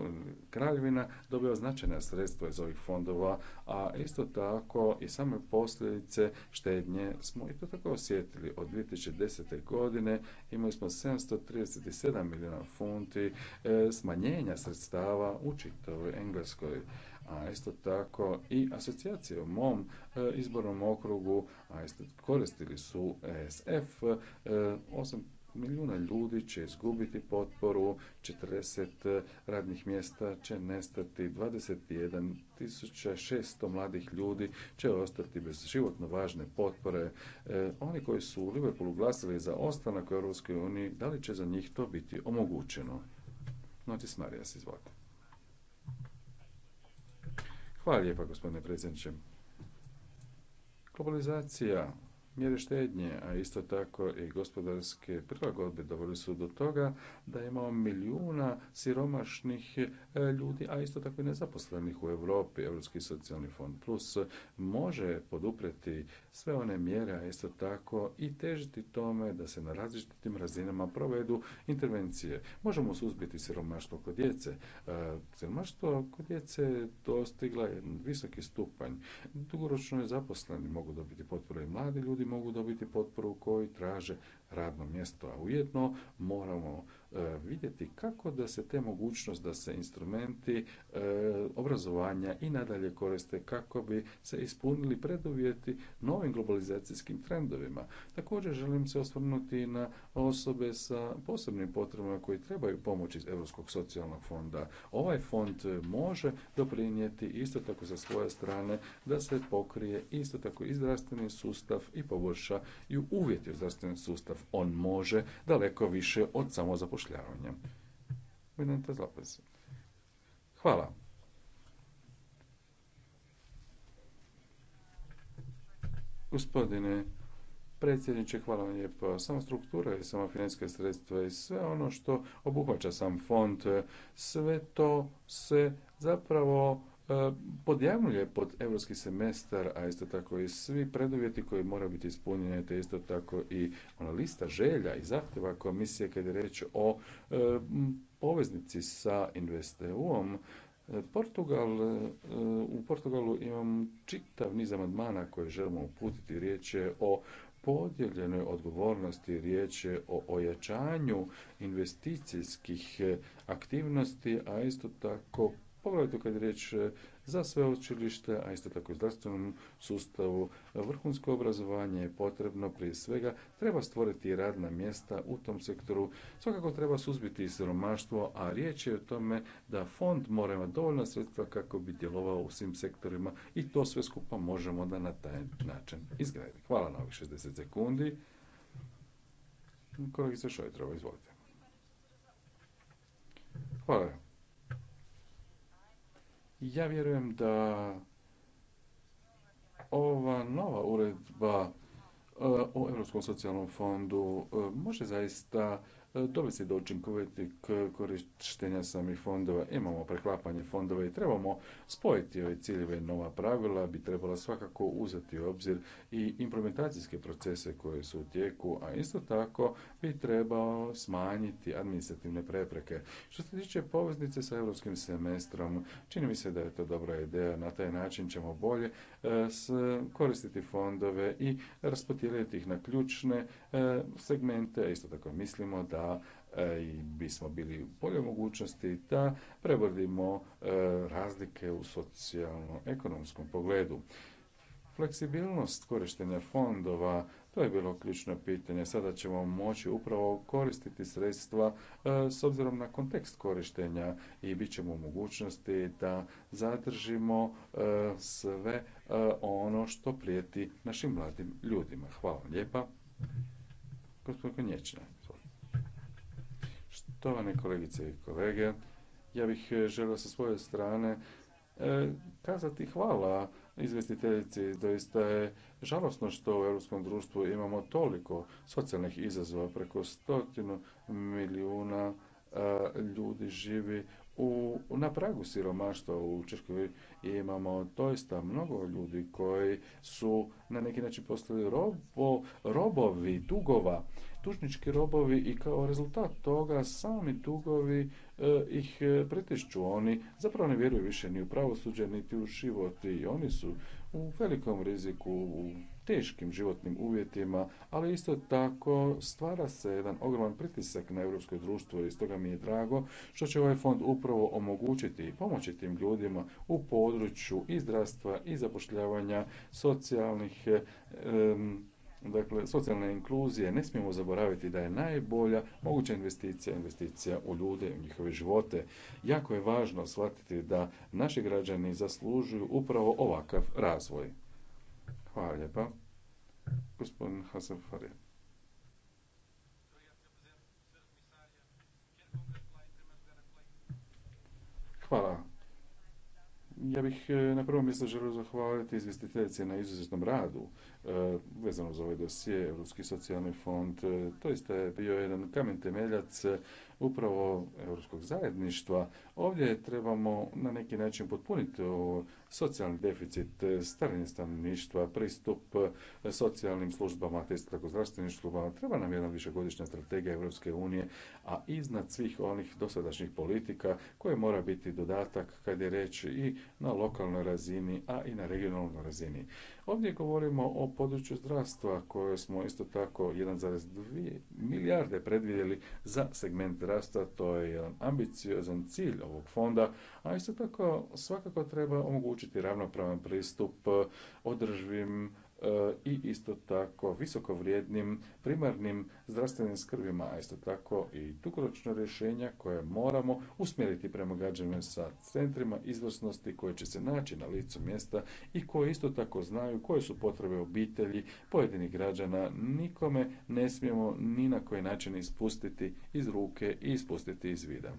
Kraljevina dobiva značajna sredstva iz ovih fondova, a isto tako i same posljedice štednje smo i to tako osjetili. Od 2010. godine imali smo 737 milijuna funti e, smanjenja sredstava u čitavoj Engleskoj a isto tako i asocijacije u mom e, izbornom okrugu, a koristili su ESF e, milijuna ljudi će izgubiti potporu, 40 e, radnih mjesta će nestati, 21.600 mladih ljudi će ostati bez životno važne potpore. E, oni koji su u Liverpoolu glasili za ostanak u Europskoj uniji, da li će za njih to biti omogućeno? Notis Marijas, izvolite. Hvala lijepa, gospodine predsjedniče. Globalizacija mjere štednje, a isto tako i gospodarske prilagodbe doveli su do toga da imamo milijuna siromašnih e, ljudi, a isto tako i nezaposlenih u Europi. Europski socijalni fond plus može poduprijeti sve one mjere, a isto tako i težiti tome da se na različitim razinama provedu intervencije. Možemo suzbiti siromaštvo kod djece. E, siromaštvo kod djece je dostigla jedan visoki stupanj. Dugoročno je mogu dobiti potporu i mladi ljudi, mogu dobiti potporu koji traže radno mjesto, a ujedno moramo E, vidjeti kako da se te mogućnost da se instrumenti e, obrazovanja i nadalje koriste kako bi se ispunili preduvjeti novim globalizacijskim trendovima. Također želim se osvrnuti na osobe sa posebnim potrebama koji trebaju pomoć iz Europskog socijalnog fonda. Ovaj fond može doprinijeti isto tako sa svoje strane da se pokrije isto tako i zdravstveni sustav i i uvjeti u zdravstveni sustav. On može daleko više od samozapošljavanja zapošljavanja. Hvala. Gospodine predsjedniče, hvala vam lijepo. Sama struktura i sama financijska sredstva i sve ono što obuhvaća sam fond, sve to se zapravo E, podjavljuje pod europski semestar, a isto tako i svi preduvjeti koji moraju biti ispunjeni, te isto tako i ona lista želja i zahtjeva komisije kada je riječ o e, poveznici sa investeu e, Portugal, u Portugalu imam čitav niz amandmana koje želimo uputiti. Riječ je o podijeljenoj odgovornosti riječ je o ojačanju investicijskih aktivnosti, a isto tako Pogledajte kad je riječ e, za sve učilište, a isto tako i zdravstvenom sustavu, vrhunsko obrazovanje je potrebno prije svega, treba stvoriti radna mjesta u tom sektoru, svakako treba suzbiti siromaštvo, a riječ je o tome da fond mora imati dovoljna sredstva kako bi djelovao u svim sektorima i to sve skupa možemo da na taj način izgraditi. Hvala na ovih 60 sekundi. Kolegice Šojtrova, izvolite. Hvala ja vjerujem da ova nova uredba e, o Europskom socijalnom fondu e, može zaista dovesti e, do učinkovitih korištenja samih fondova. Imamo preklapanje fondova i trebamo spojiti ove ciljeve nova pravila bi trebala svakako uzeti u obzir i implementacijske procese koje su u tijeku, a isto tako bi trebao smanjiti administrativne prepreke. Što se tiče poveznice sa europskim semestrom, čini mi se da je to dobra ideja. Na taj način ćemo bolje koristiti fondove i raspodijeliti ih na ključne e, segmente. Isto tako mislimo da e, bismo bili u boljoj mogućnosti da prebrodimo e, razlike u socijalno-ekonomskom pogledu. Fleksibilnost korištenja fondova, to je bilo ključno pitanje. Sada ćemo moći upravo koristiti sredstva s obzirom na kontekst korištenja i bit ćemo u mogućnosti da zadržimo sve ono što prijeti našim mladim ljudima. Hvala lijepa. Gospodin Konječina. Štovane kolegice i kolege, ja bih e, želio sa svoje strane e, kazati hvala izvjestiteljici. Doista je žalosno što u europskom društvu imamo toliko socijalnih izazova, preko stotinu milijuna e, ljudi živi u, na pragu siromaštva u Češkoj imamo toista mnogo ljudi koji su na neki način postali robovi dugova, tužnički robovi i kao rezultat toga sami dugovi e, ih e, pritišću. Oni zapravo ne vjeruju više ni u pravosuđe niti u život i oni su u velikom riziku u teškim životnim uvjetima, ali isto tako stvara se jedan ogroman pritisak na europsko društvo i stoga mi je drago što će ovaj fond upravo omogućiti i pomoći tim ljudima u području i zdravstva i zapošljavanja socijalnih Dakle, socijalne inkluzije, ne smijemo zaboraviti da je najbolja moguća investicija, investicija u ljude, u njihove živote. Jako je važno shvatiti da naši građani zaslužuju upravo ovakav razvoj. Hvala lijepa. Gospodin Hasafari. Hvala. Ja bih e, na prvom mjestu želio zahvaliti izvjestiteljici na izuzetnom radu e, vezano za ovaj dosije Europski socijalni fond. E, to isto je bio jedan kamen temeljac upravo europskog zajedništva. Ovdje trebamo na neki način potpuniti socijalni deficit, starenje stanovništva, pristup socijalnim službama, te zdravstvenim službama. Treba nam jedna višegodišnja strategija Europske unije, a iznad svih onih dosadašnjih politika koje mora biti dodatak kad je reč i na lokalnoj razini, a i na regionalnoj razini. Ovdje govorimo o području zdravstva koje smo isto tako 1,2 milijarde predvidjeli za segment rasta, to je jedan ambiciozan cilj ovog fonda, a isto tako svakako treba omogućiti ravnopravan pristup održivim E, i isto tako visoko vrijednim primarnim zdravstvenim skrbima, a isto tako i dugoročno rješenja koje moramo usmjeriti prema građanima sa centrima izvrsnosti koje će se naći na licu mjesta i koji isto tako znaju koje su potrebe obitelji pojedinih građana. Nikome ne smijemo ni na koji način ispustiti iz ruke i ispustiti iz vida.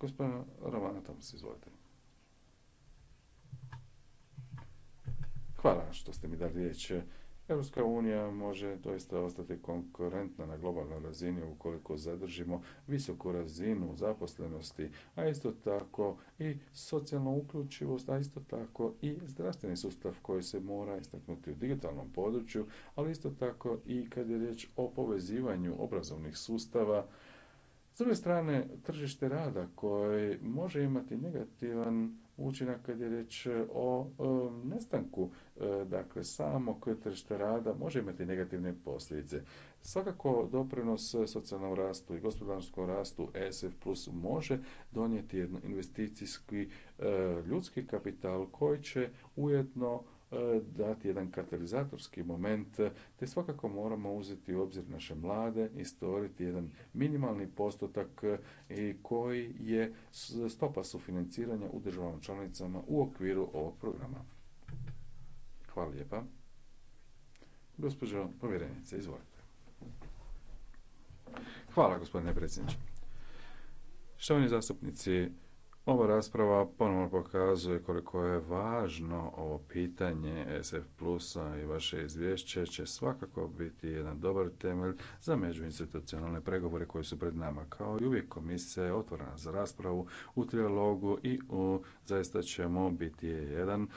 Gospodina Romana Tomas, izvolite. Hvala što ste mi dali riječ. Europska unija može doista ostati konkurentna na globalnoj razini ukoliko zadržimo visoku razinu zaposlenosti, a isto tako i socijalnu uključivost, a isto tako i zdravstveni sustav koji se mora istaknuti u digitalnom području, ali isto tako i kad je riječ o povezivanju obrazovnih sustava. S druge strane, tržište rada koje može imati negativan učinak kad je riječ e, o e, nestanku e, dakle samog tržišta rada može imati negativne posljedice. Svakako doprinos socijalnom rastu i gospodarskom rastu SF plus može donijeti jedno investicijski ljudski kapital koji će ujedno E, dati jedan katalizatorski moment, e, te svakako moramo uzeti u obzir naše mlade i stvoriti jedan minimalni postotak e, koji je stopa sufinanciranja u državnom članicama u okviru ovog programa. Hvala lijepa. Gospođo povjerenice, izvolite. Hvala gospodine predsjedniče. Štovani zastupnici, ova rasprava ponovno pokazuje koliko je važno ovo pitanje SF Plusa i vaše izvješće će svakako biti jedan dobar temelj za međuinstitucionalne pregovore koji su pred nama. Kao i uvijek komisija je otvorena za raspravu u trilogu i u, zaista ćemo biti jedan e,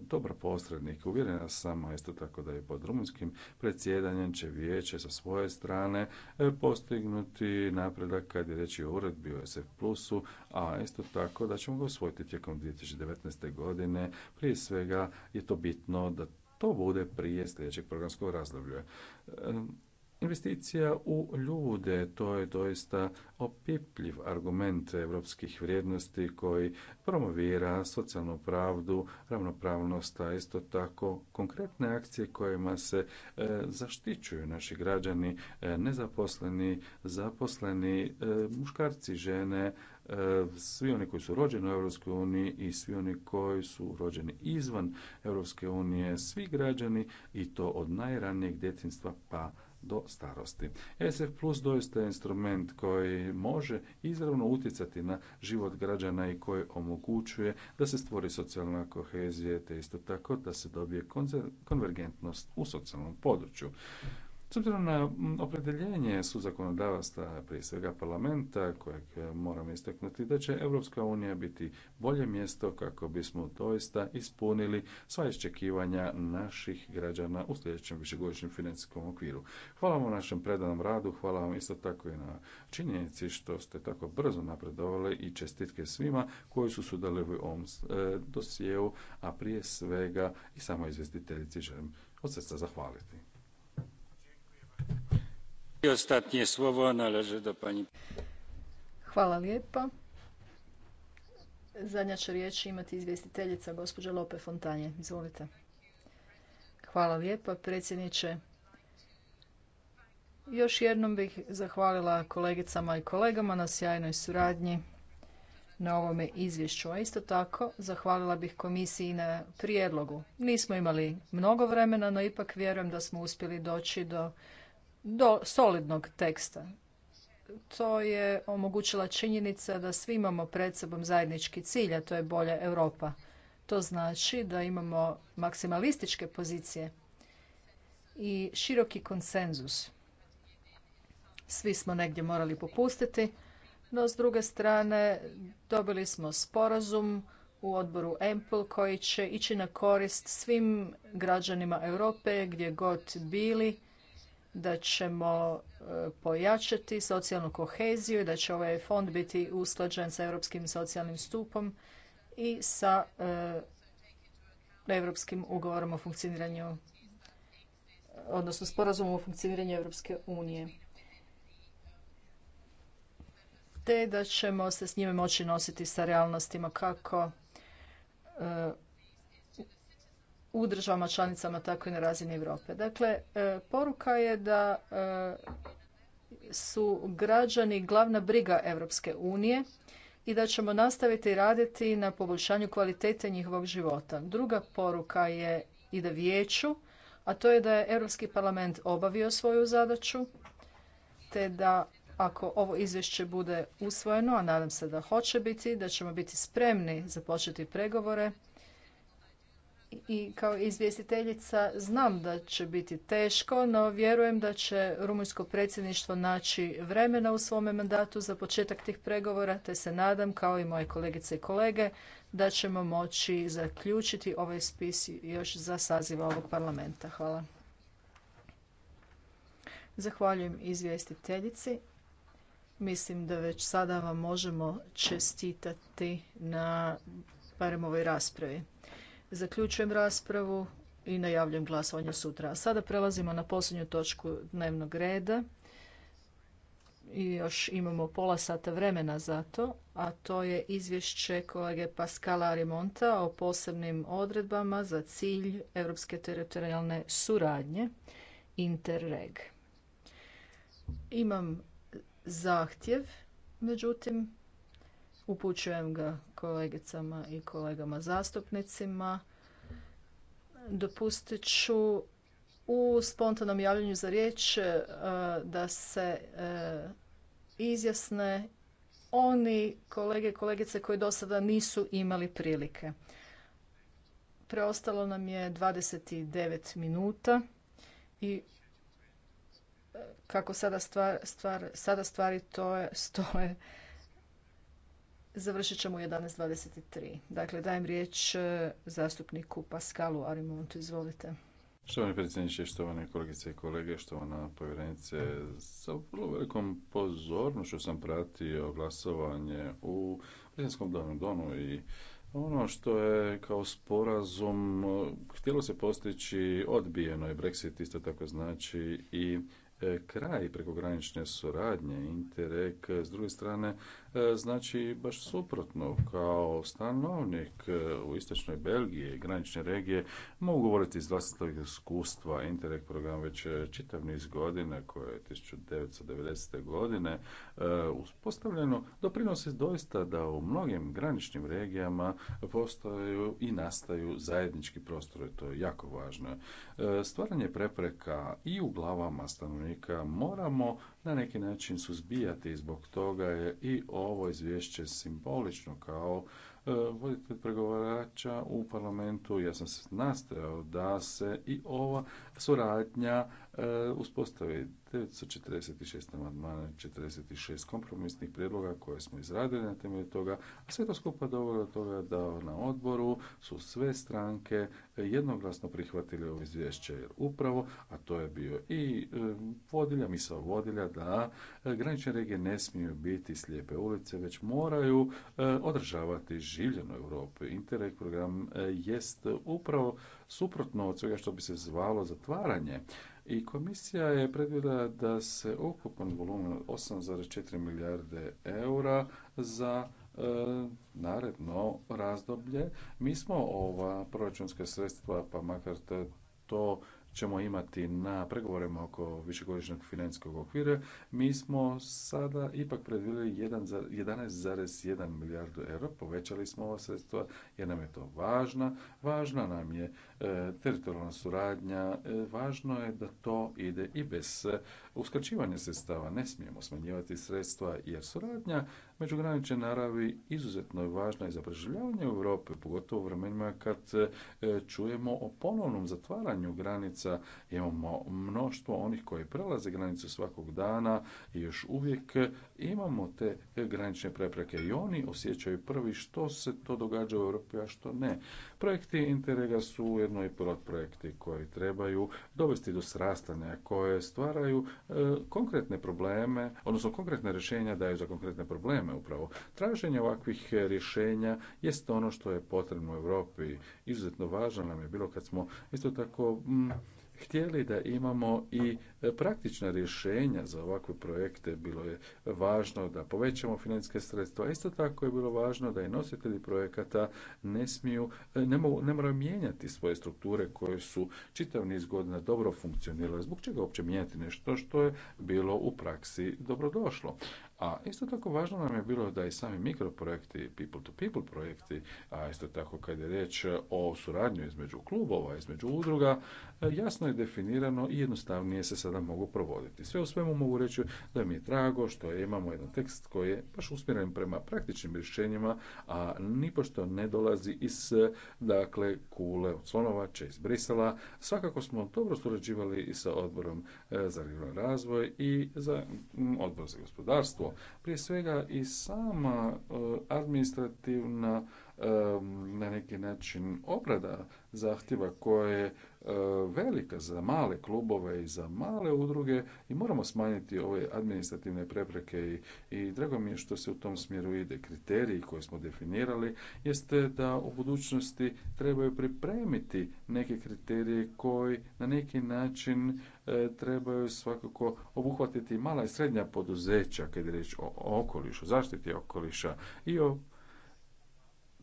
dobar posrednik. Uvjerena sam isto tako da i pod rumunskim predsjedanjem će vijeće sa svoje strane e, postignuti napredak kad je reći o uredbi o SF Plusu, a isto tako da ćemo ga usvojiti tijekom 2019. godine. Prije svega je to bitno da to bude prije sljedećeg programskog razdoblja. Investicija u ljude, to je doista opipljiv argument europskih vrijednosti koji promovira socijalnu pravdu, ravnopravnost, a isto tako konkretne akcije kojima se e, zaštićuju naši građani, e, nezaposleni, zaposleni, e, muškarci, žene, e, svi oni koji su rođeni u Europskoj uniji i svi oni koji su rođeni izvan Europske unije, svi građani i to od najranijeg djetinstva pa do starosti. E SF Plus doista je instrument koji može izravno utjecati na život građana i koji omogućuje da se stvori socijalna kohezija te isto tako da se dobije konvergentnost u socijalnom području. S obzirom na opredeljenje su prije svega parlamenta, kojeg e, moram istaknuti da će Europska unija biti bolje mjesto kako bismo doista ispunili sva iščekivanja naših građana u sljedećem višegodišnjem financijskom okviru. Hvala vam našem predanom radu, hvala vam isto tako i na činjenici što ste tako brzo napredovali i čestitke svima koji su sudjelovali u ovom e, dosjeu, a prije svega i samo izvjestiteljici želim od srca zahvaliti ostatnie słowo do pani. Hvala Zadnja će riječ imati izvjestiteljica gospođa Lope Fontanje. Izvolite. Hvala lijepa predsjedniče. Još jednom bih zahvalila kolegicama i kolegama na sjajnoj suradnji na ovome izvješću. A isto tako zahvalila bih komisiji na prijedlogu. Nismo imali mnogo vremena, no ipak vjerujem da smo uspjeli doći do do solidnog teksta. To je omogućila činjenica da svi imamo pred sobom zajednički cilj, a to je bolja Europa. To znači da imamo maksimalističke pozicije i široki konsenzus. Svi smo negdje morali popustiti, no s druge strane dobili smo sporazum u odboru EMPL koji će ići na korist svim građanima Europe gdje god bili da ćemo e, pojačati socijalnu koheziju i da će ovaj fond biti usklađen sa europskim socijalnim stupom i sa e, europskim ugovorom o funkcioniranju odnosno sporazumom o funkcioniranju Europske unije. Te da ćemo se s njime moći nositi sa realnostima kako e, u državama članicama, tako i na razini Europe. Dakle, e, poruka je da e, su građani glavna briga Europske unije i da ćemo nastaviti raditi na poboljšanju kvalitete njihovog života. Druga poruka je i da vijeću, a to je da je Europski parlament obavio svoju zadaću, te da ako ovo izvješće bude usvojeno, a nadam se da hoće biti, da ćemo biti spremni započeti pregovore i kao izvjestiteljica znam da će biti teško, no vjerujem da će rumunjsko predsjedništvo naći vremena u svome mandatu za početak tih pregovora, te se nadam, kao i moje kolegice i kolege, da ćemo moći zaključiti ovaj spis još za saziva ovog parlamenta. Hvala. Zahvaljujem izvjestiteljici. Mislim da već sada vam možemo čestitati na barem ovoj raspravi. Zaključujem raspravu i najavljujem glasovanje sutra. A sada prelazimo na posljednju točku dnevnog reda i još imamo pola sata vremena za to, a to je izvješće kolege Pascala Arimonta o posebnim odredbama za cilj Europske teritorijalne suradnje Interreg. Imam zahtjev, međutim, upućujem ga kolegicama i kolegama zastupnicima. Dopustit ću u spontanom javljanju za riječ e, da se e, izjasne oni kolege i kolegice koji do sada nisu imali prilike. Preostalo nam je 29 minuta i e, kako sada, stvari to stoje Završit ćemo u 11.23. Dakle, dajem riječ e, zastupniku Paskalu Arimontu. Izvolite. Štovani predsjedniče, štovane kolegice i kolege, štovana povjerenice, sa vrlo velikom pozornošću sam pratio glasovanje u Britanskom danu Donu i ono što je kao sporazum e, htjelo se postići odbijeno je Brexit, isto tako znači i e, kraj prekogranične suradnje Interreg, s druge strane E, znači, baš suprotno, kao stanovnik e, u istočnoj Belgiji i granične regije, mogu govoriti iz vlastitog iskustva, Interreg program već e, čitav niz godina, koje je 1990. godine uspostavljeno, doprinosi doista da u mnogim graničnim regijama postaju i nastaju zajednički prostor, to je jako važno. Stvaranje prepreka i u glavama stanovnika moramo na neki način suzbijati. Zbog toga je i ovo izvješće simbolično kao e, voditelj pregovarača u parlamentu. Ja sam se nastojao da se i ova suradnja E, uspostavi 946 amandmana, 46 kompromisnih prijedloga koje smo izradili na temelju toga, a sve to skupa do toga da na odboru su sve stranke jednoglasno prihvatili ovo izvješće upravo, a to je bio i e, vodilja, misao vodilja da granične regije ne smiju biti slijepe ulice, već moraju e, održavati življenu Europu. Interreg program jest upravo suprotno od svega što bi se zvalo zatvaranje i komisija je predvidjela da se ukupan volumen 8,4 milijarde eura za e, naredno razdoblje. Mi smo ova proračunska sredstva, pa makar to ćemo imati na pregovorima oko višegodišnjeg financijskog okvira, mi smo sada ipak predvidjeli 11,1 milijardu eura, povećali smo ova sredstva jer nam je to važna. Važna nam je e, teritorijalna suradnja, e, važno je da to ide i bez e, uskraćivanja sredstava. Ne smijemo smanjivati sredstva jer suradnja međugranične naravi izuzetno je važna i za preživljavanje Europe, pogotovo u vremenima kad čujemo o ponovnom zatvaranju granica granica. Imamo mnoštvo onih koji prelaze granicu svakog dana i još uvijek imamo te granične prepreke i oni osjećaju prvi što se to događa u Europi, a što ne. Projekti Interrega su jedno i pilot projekti koji trebaju dovesti do srastanja, koje stvaraju e, konkretne probleme, odnosno konkretne rješenja daju za konkretne probleme upravo. Traženje ovakvih rješenja jest ono što je potrebno u Europi. Izuzetno važno nam je bilo kad smo isto tako htjeli da imamo i e, praktična rješenja za ovakve projekte. Bilo je važno da povećamo financijske sredstva. Isto tako je bilo važno da i nositelji projekata ne smiju, e, ne, mogu, ne moraju mijenjati svoje strukture koje su čitav niz godina dobro funkcionirale. Zbog čega uopće mijenjati nešto što je bilo u praksi dobrodošlo? A isto tako važno nam je bilo da i sami mikroprojekti, people to people projekti, a isto tako kad je riječ o suradnju između klubova, između udruga, jasno je definirano i jednostavnije se sada mogu provoditi. Sve u svemu mogu reći da mi je drago što imamo jedan tekst koji je baš usmjeren prema praktičnim rješenjima, a nipošto ne dolazi iz dakle kule od slonovače iz Brisela. Svakako smo dobro surađivali i sa odborom e, za regionalni razvoj i za odbor za gospodarstvo prije svega i sama e, administrativna e, na neki način obrada zahtjeva koja je e, velika za male klubove i za male udruge i moramo smanjiti ove administrativne prepreke i, drago mi je što se u tom smjeru ide. Kriteriji koje smo definirali jeste da u budućnosti trebaju pripremiti neke kriterije koji na neki način e, trebaju svakako obuhvatiti mala i srednja poduzeća kad je riječ o okolišu, zaštiti okoliša i o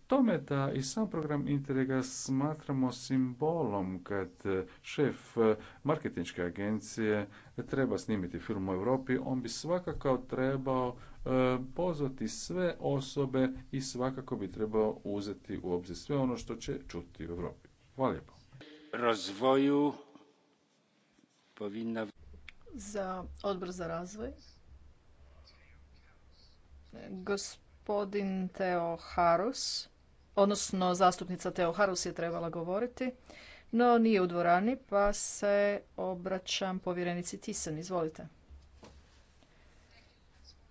tome da i sam program Interrega smatramo simbolom kad šef marketinške agencije treba snimiti film u Europi, on bi svakako trebao e, pozvati sve osobe i svakako bi trebao uzeti u obzir sve ono što će čuti u Europi. Hvala lijepo. Razvoju povinna... Za odbor za razvoj. Gospodin Teo Harus odnosno zastupnica Teo Harus je trebala govoriti, no nije u dvorani, pa se obraćam povjerenici Tisan. Izvolite.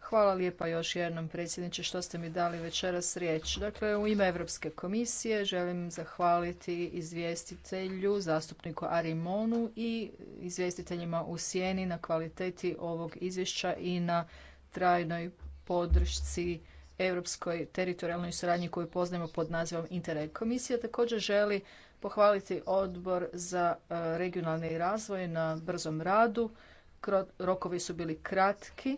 Hvala lijepa još jednom predsjedniče što ste mi dali večeras riječ. Dakle, u ime Europske komisije želim zahvaliti izvjestitelju, zastupniku Arimonu i izvjestiteljima u Sjeni na kvaliteti ovog izvješća i na trajnoj podršci europskoj teritorijalnoj suradnji koju poznajemo pod nazivom Interreg. Komisija također želi pohvaliti odbor za e, regionalni razvoj na brzom radu. Rokovi su bili kratki,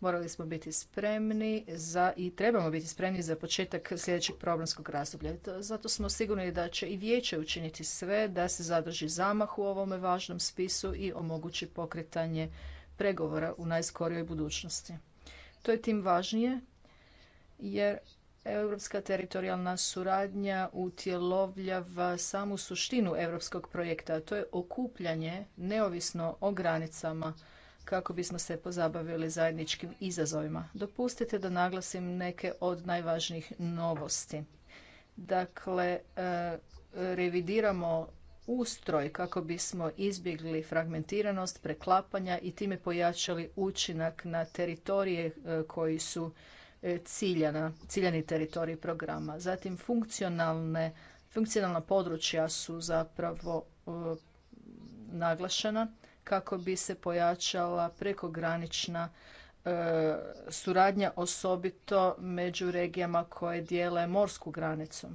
morali smo biti spremni za i trebamo biti spremni za početak sljedećeg problemskog razdoblja. E, zato smo sigurni da će i vijeće učiniti sve da se zadrži zamah u ovome važnom spisu i omogući pokretanje pregovora u najskorijoj budućnosti. To je tim važnije jer europska teritorijalna suradnja utjelovljava samu suštinu europskog projekta, a to je okupljanje neovisno o granicama kako bismo se pozabavili zajedničkim izazovima. Dopustite da naglasim neke od najvažnijih novosti. Dakle, e, revidiramo ustroj kako bismo izbjegli fragmentiranost, preklapanja i time pojačali učinak na teritorije e, koji su E, ciljana, ciljani teritorij programa. Zatim funkcionalne, funkcionalna područja su zapravo e, naglašena kako bi se pojačala prekogranična e, suradnja osobito među regijama koje dijele morsku granicu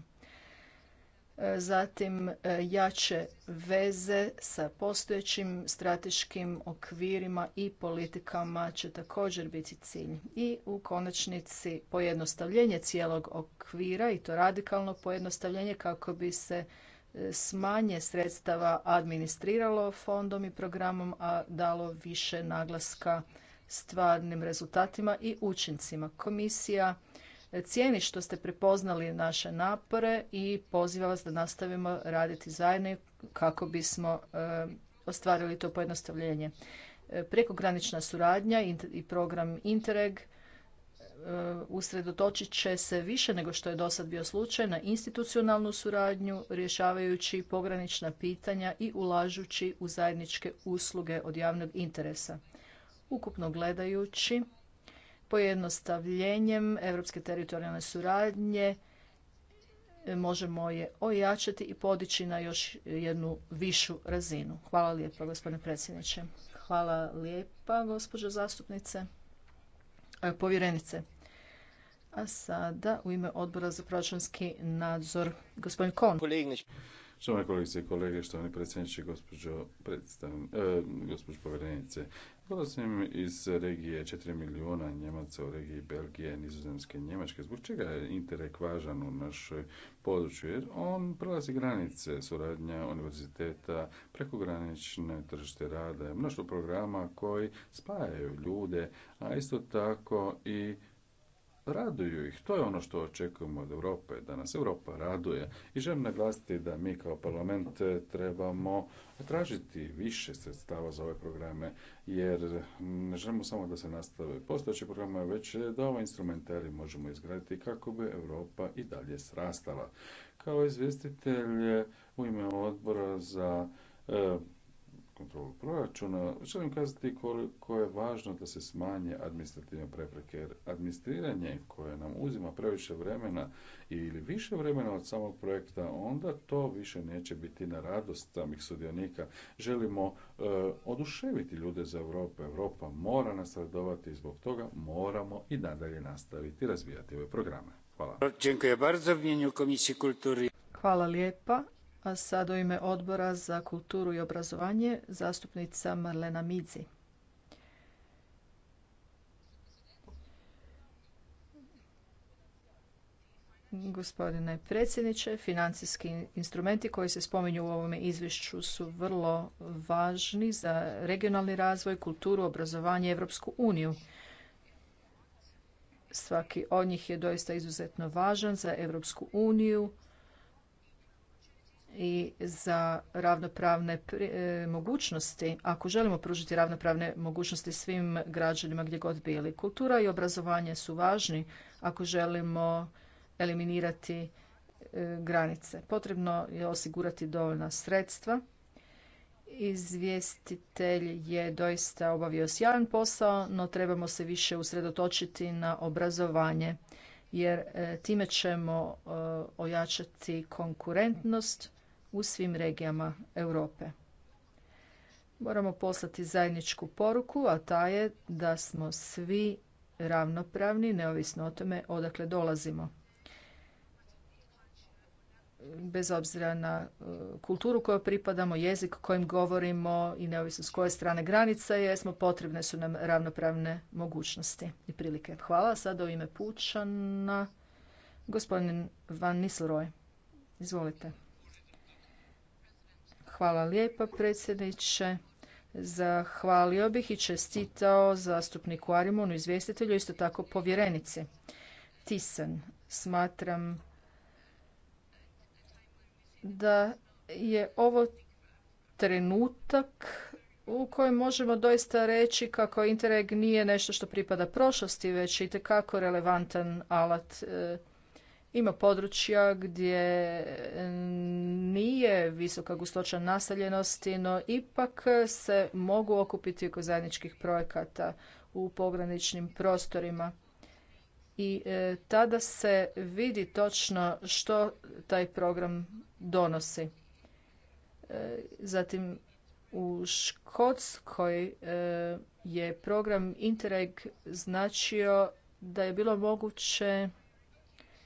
zatim e, jače veze sa postojećim strateškim okvirima i politikama će također biti cilj. I u konačnici pojednostavljenje cijelog okvira i to radikalno pojednostavljenje kako bi se e, smanje sredstava administriralo fondom i programom, a dalo više naglaska stvarnim rezultatima i učincima. Komisija cijeni što ste prepoznali naše napore i poziva vas da nastavimo raditi zajedno kako bismo e, ostvarili to pojednostavljenje. E, prekogranična suradnja i program Interreg e, usredotočit će se više nego što je dosad bio slučaj na institucionalnu suradnju, rješavajući pogranična pitanja i ulažući u zajedničke usluge od javnog interesa. Ukupno gledajući, Pojednostavljenjem europske teritorijalne suradnje možemo je ojačati i podići na još jednu višu razinu. Hvala lijepa, gospodine predsjedniče. Hvala lijepa, gospođo zastupnice, e, povjerenice. A sada u ime odbora za proračunski nadzor, gospodin Kon. Štovane kolegice i kolege, što predsjedniče, gospođo, predstavn, e, gospođo povjerenice, dolazim iz regije 4 milijuna Njemaca u regiji Belgije, Nizozemske, Njemačke. Zbog čega je Interreg važan u našoj području? Jer on prelazi granice, suradnja univerziteta, prekogranične tržište rada, mnoštvo programa koji spajaju ljude, a isto tako i raduju ih. To je ono što očekujemo od Europe, da nas Europa raduje. I želim naglasiti da mi kao parlament eh, trebamo tražiti više sredstava za ove programe, jer ne želimo samo da se nastave postojeći programe, već da ove instrumentari možemo izgraditi kako bi Europa i dalje srastala. Kao izvjestitelj eh, u ime odbora za eh, kontrolu proračuna, želim kazati koliko je važno da se smanje administrativne prepreke, jer administriranje koje nam uzima previše vremena ili više vremena od samog projekta, onda to više neće biti na radost samih sudionika. Želimo e, oduševiti ljude za Europu. Europa mora nas radovati i zbog toga moramo i nadalje nastaviti razvijati ove programe. Hvala. Hvala lijepa. A sad u ime odbora za kulturu i obrazovanje zastupnica Marlena Midzi. Gospodine predsjedniče, financijski instrumenti koji se spominju u ovome izvješću su vrlo važni za regionalni razvoj, kulturu, obrazovanje, Europsku uniju. Svaki od njih je doista izuzetno važan za Europsku uniju i za ravnopravne e, mogućnosti, ako želimo pružiti ravnopravne mogućnosti svim građanima gdje god bili. Kultura i obrazovanje su važni ako želimo eliminirati e, granice. Potrebno je osigurati dovoljna sredstva. Izvjestitelj je doista obavio sjajan posao, no trebamo se više usredotočiti na obrazovanje jer e, time ćemo ojačati konkurentnost u svim regijama Europe. Moramo poslati zajedničku poruku, a ta je da smo svi ravnopravni, neovisno o tome odakle dolazimo. Bez obzira na e, kulturu kojoj pripadamo, jezik kojim govorimo i neovisno s koje strane granice jesmo, potrebne su nam ravnopravne mogućnosti i prilike. Hvala. Sada u ime Pučana, gospodin Van Nisleroy. Izvolite. Hvala lijepa predsjedniče. Zahvalio bih i čestitao zastupniku Arimonu, izvjestitelju, isto tako povjerenici. Tisan, smatram da je ovo trenutak u kojem možemo doista reći kako Interreg nije nešto što pripada prošlosti, već i tekako relevantan alat e, ima područja gdje nije visoka gustoća naseljenosti, no ipak se mogu okupiti oko zajedničkih projekata u pograničnim prostorima. I e, tada se vidi točno što taj program donosi. E, zatim u Škotskoj e, je program Interreg značio da je bilo moguće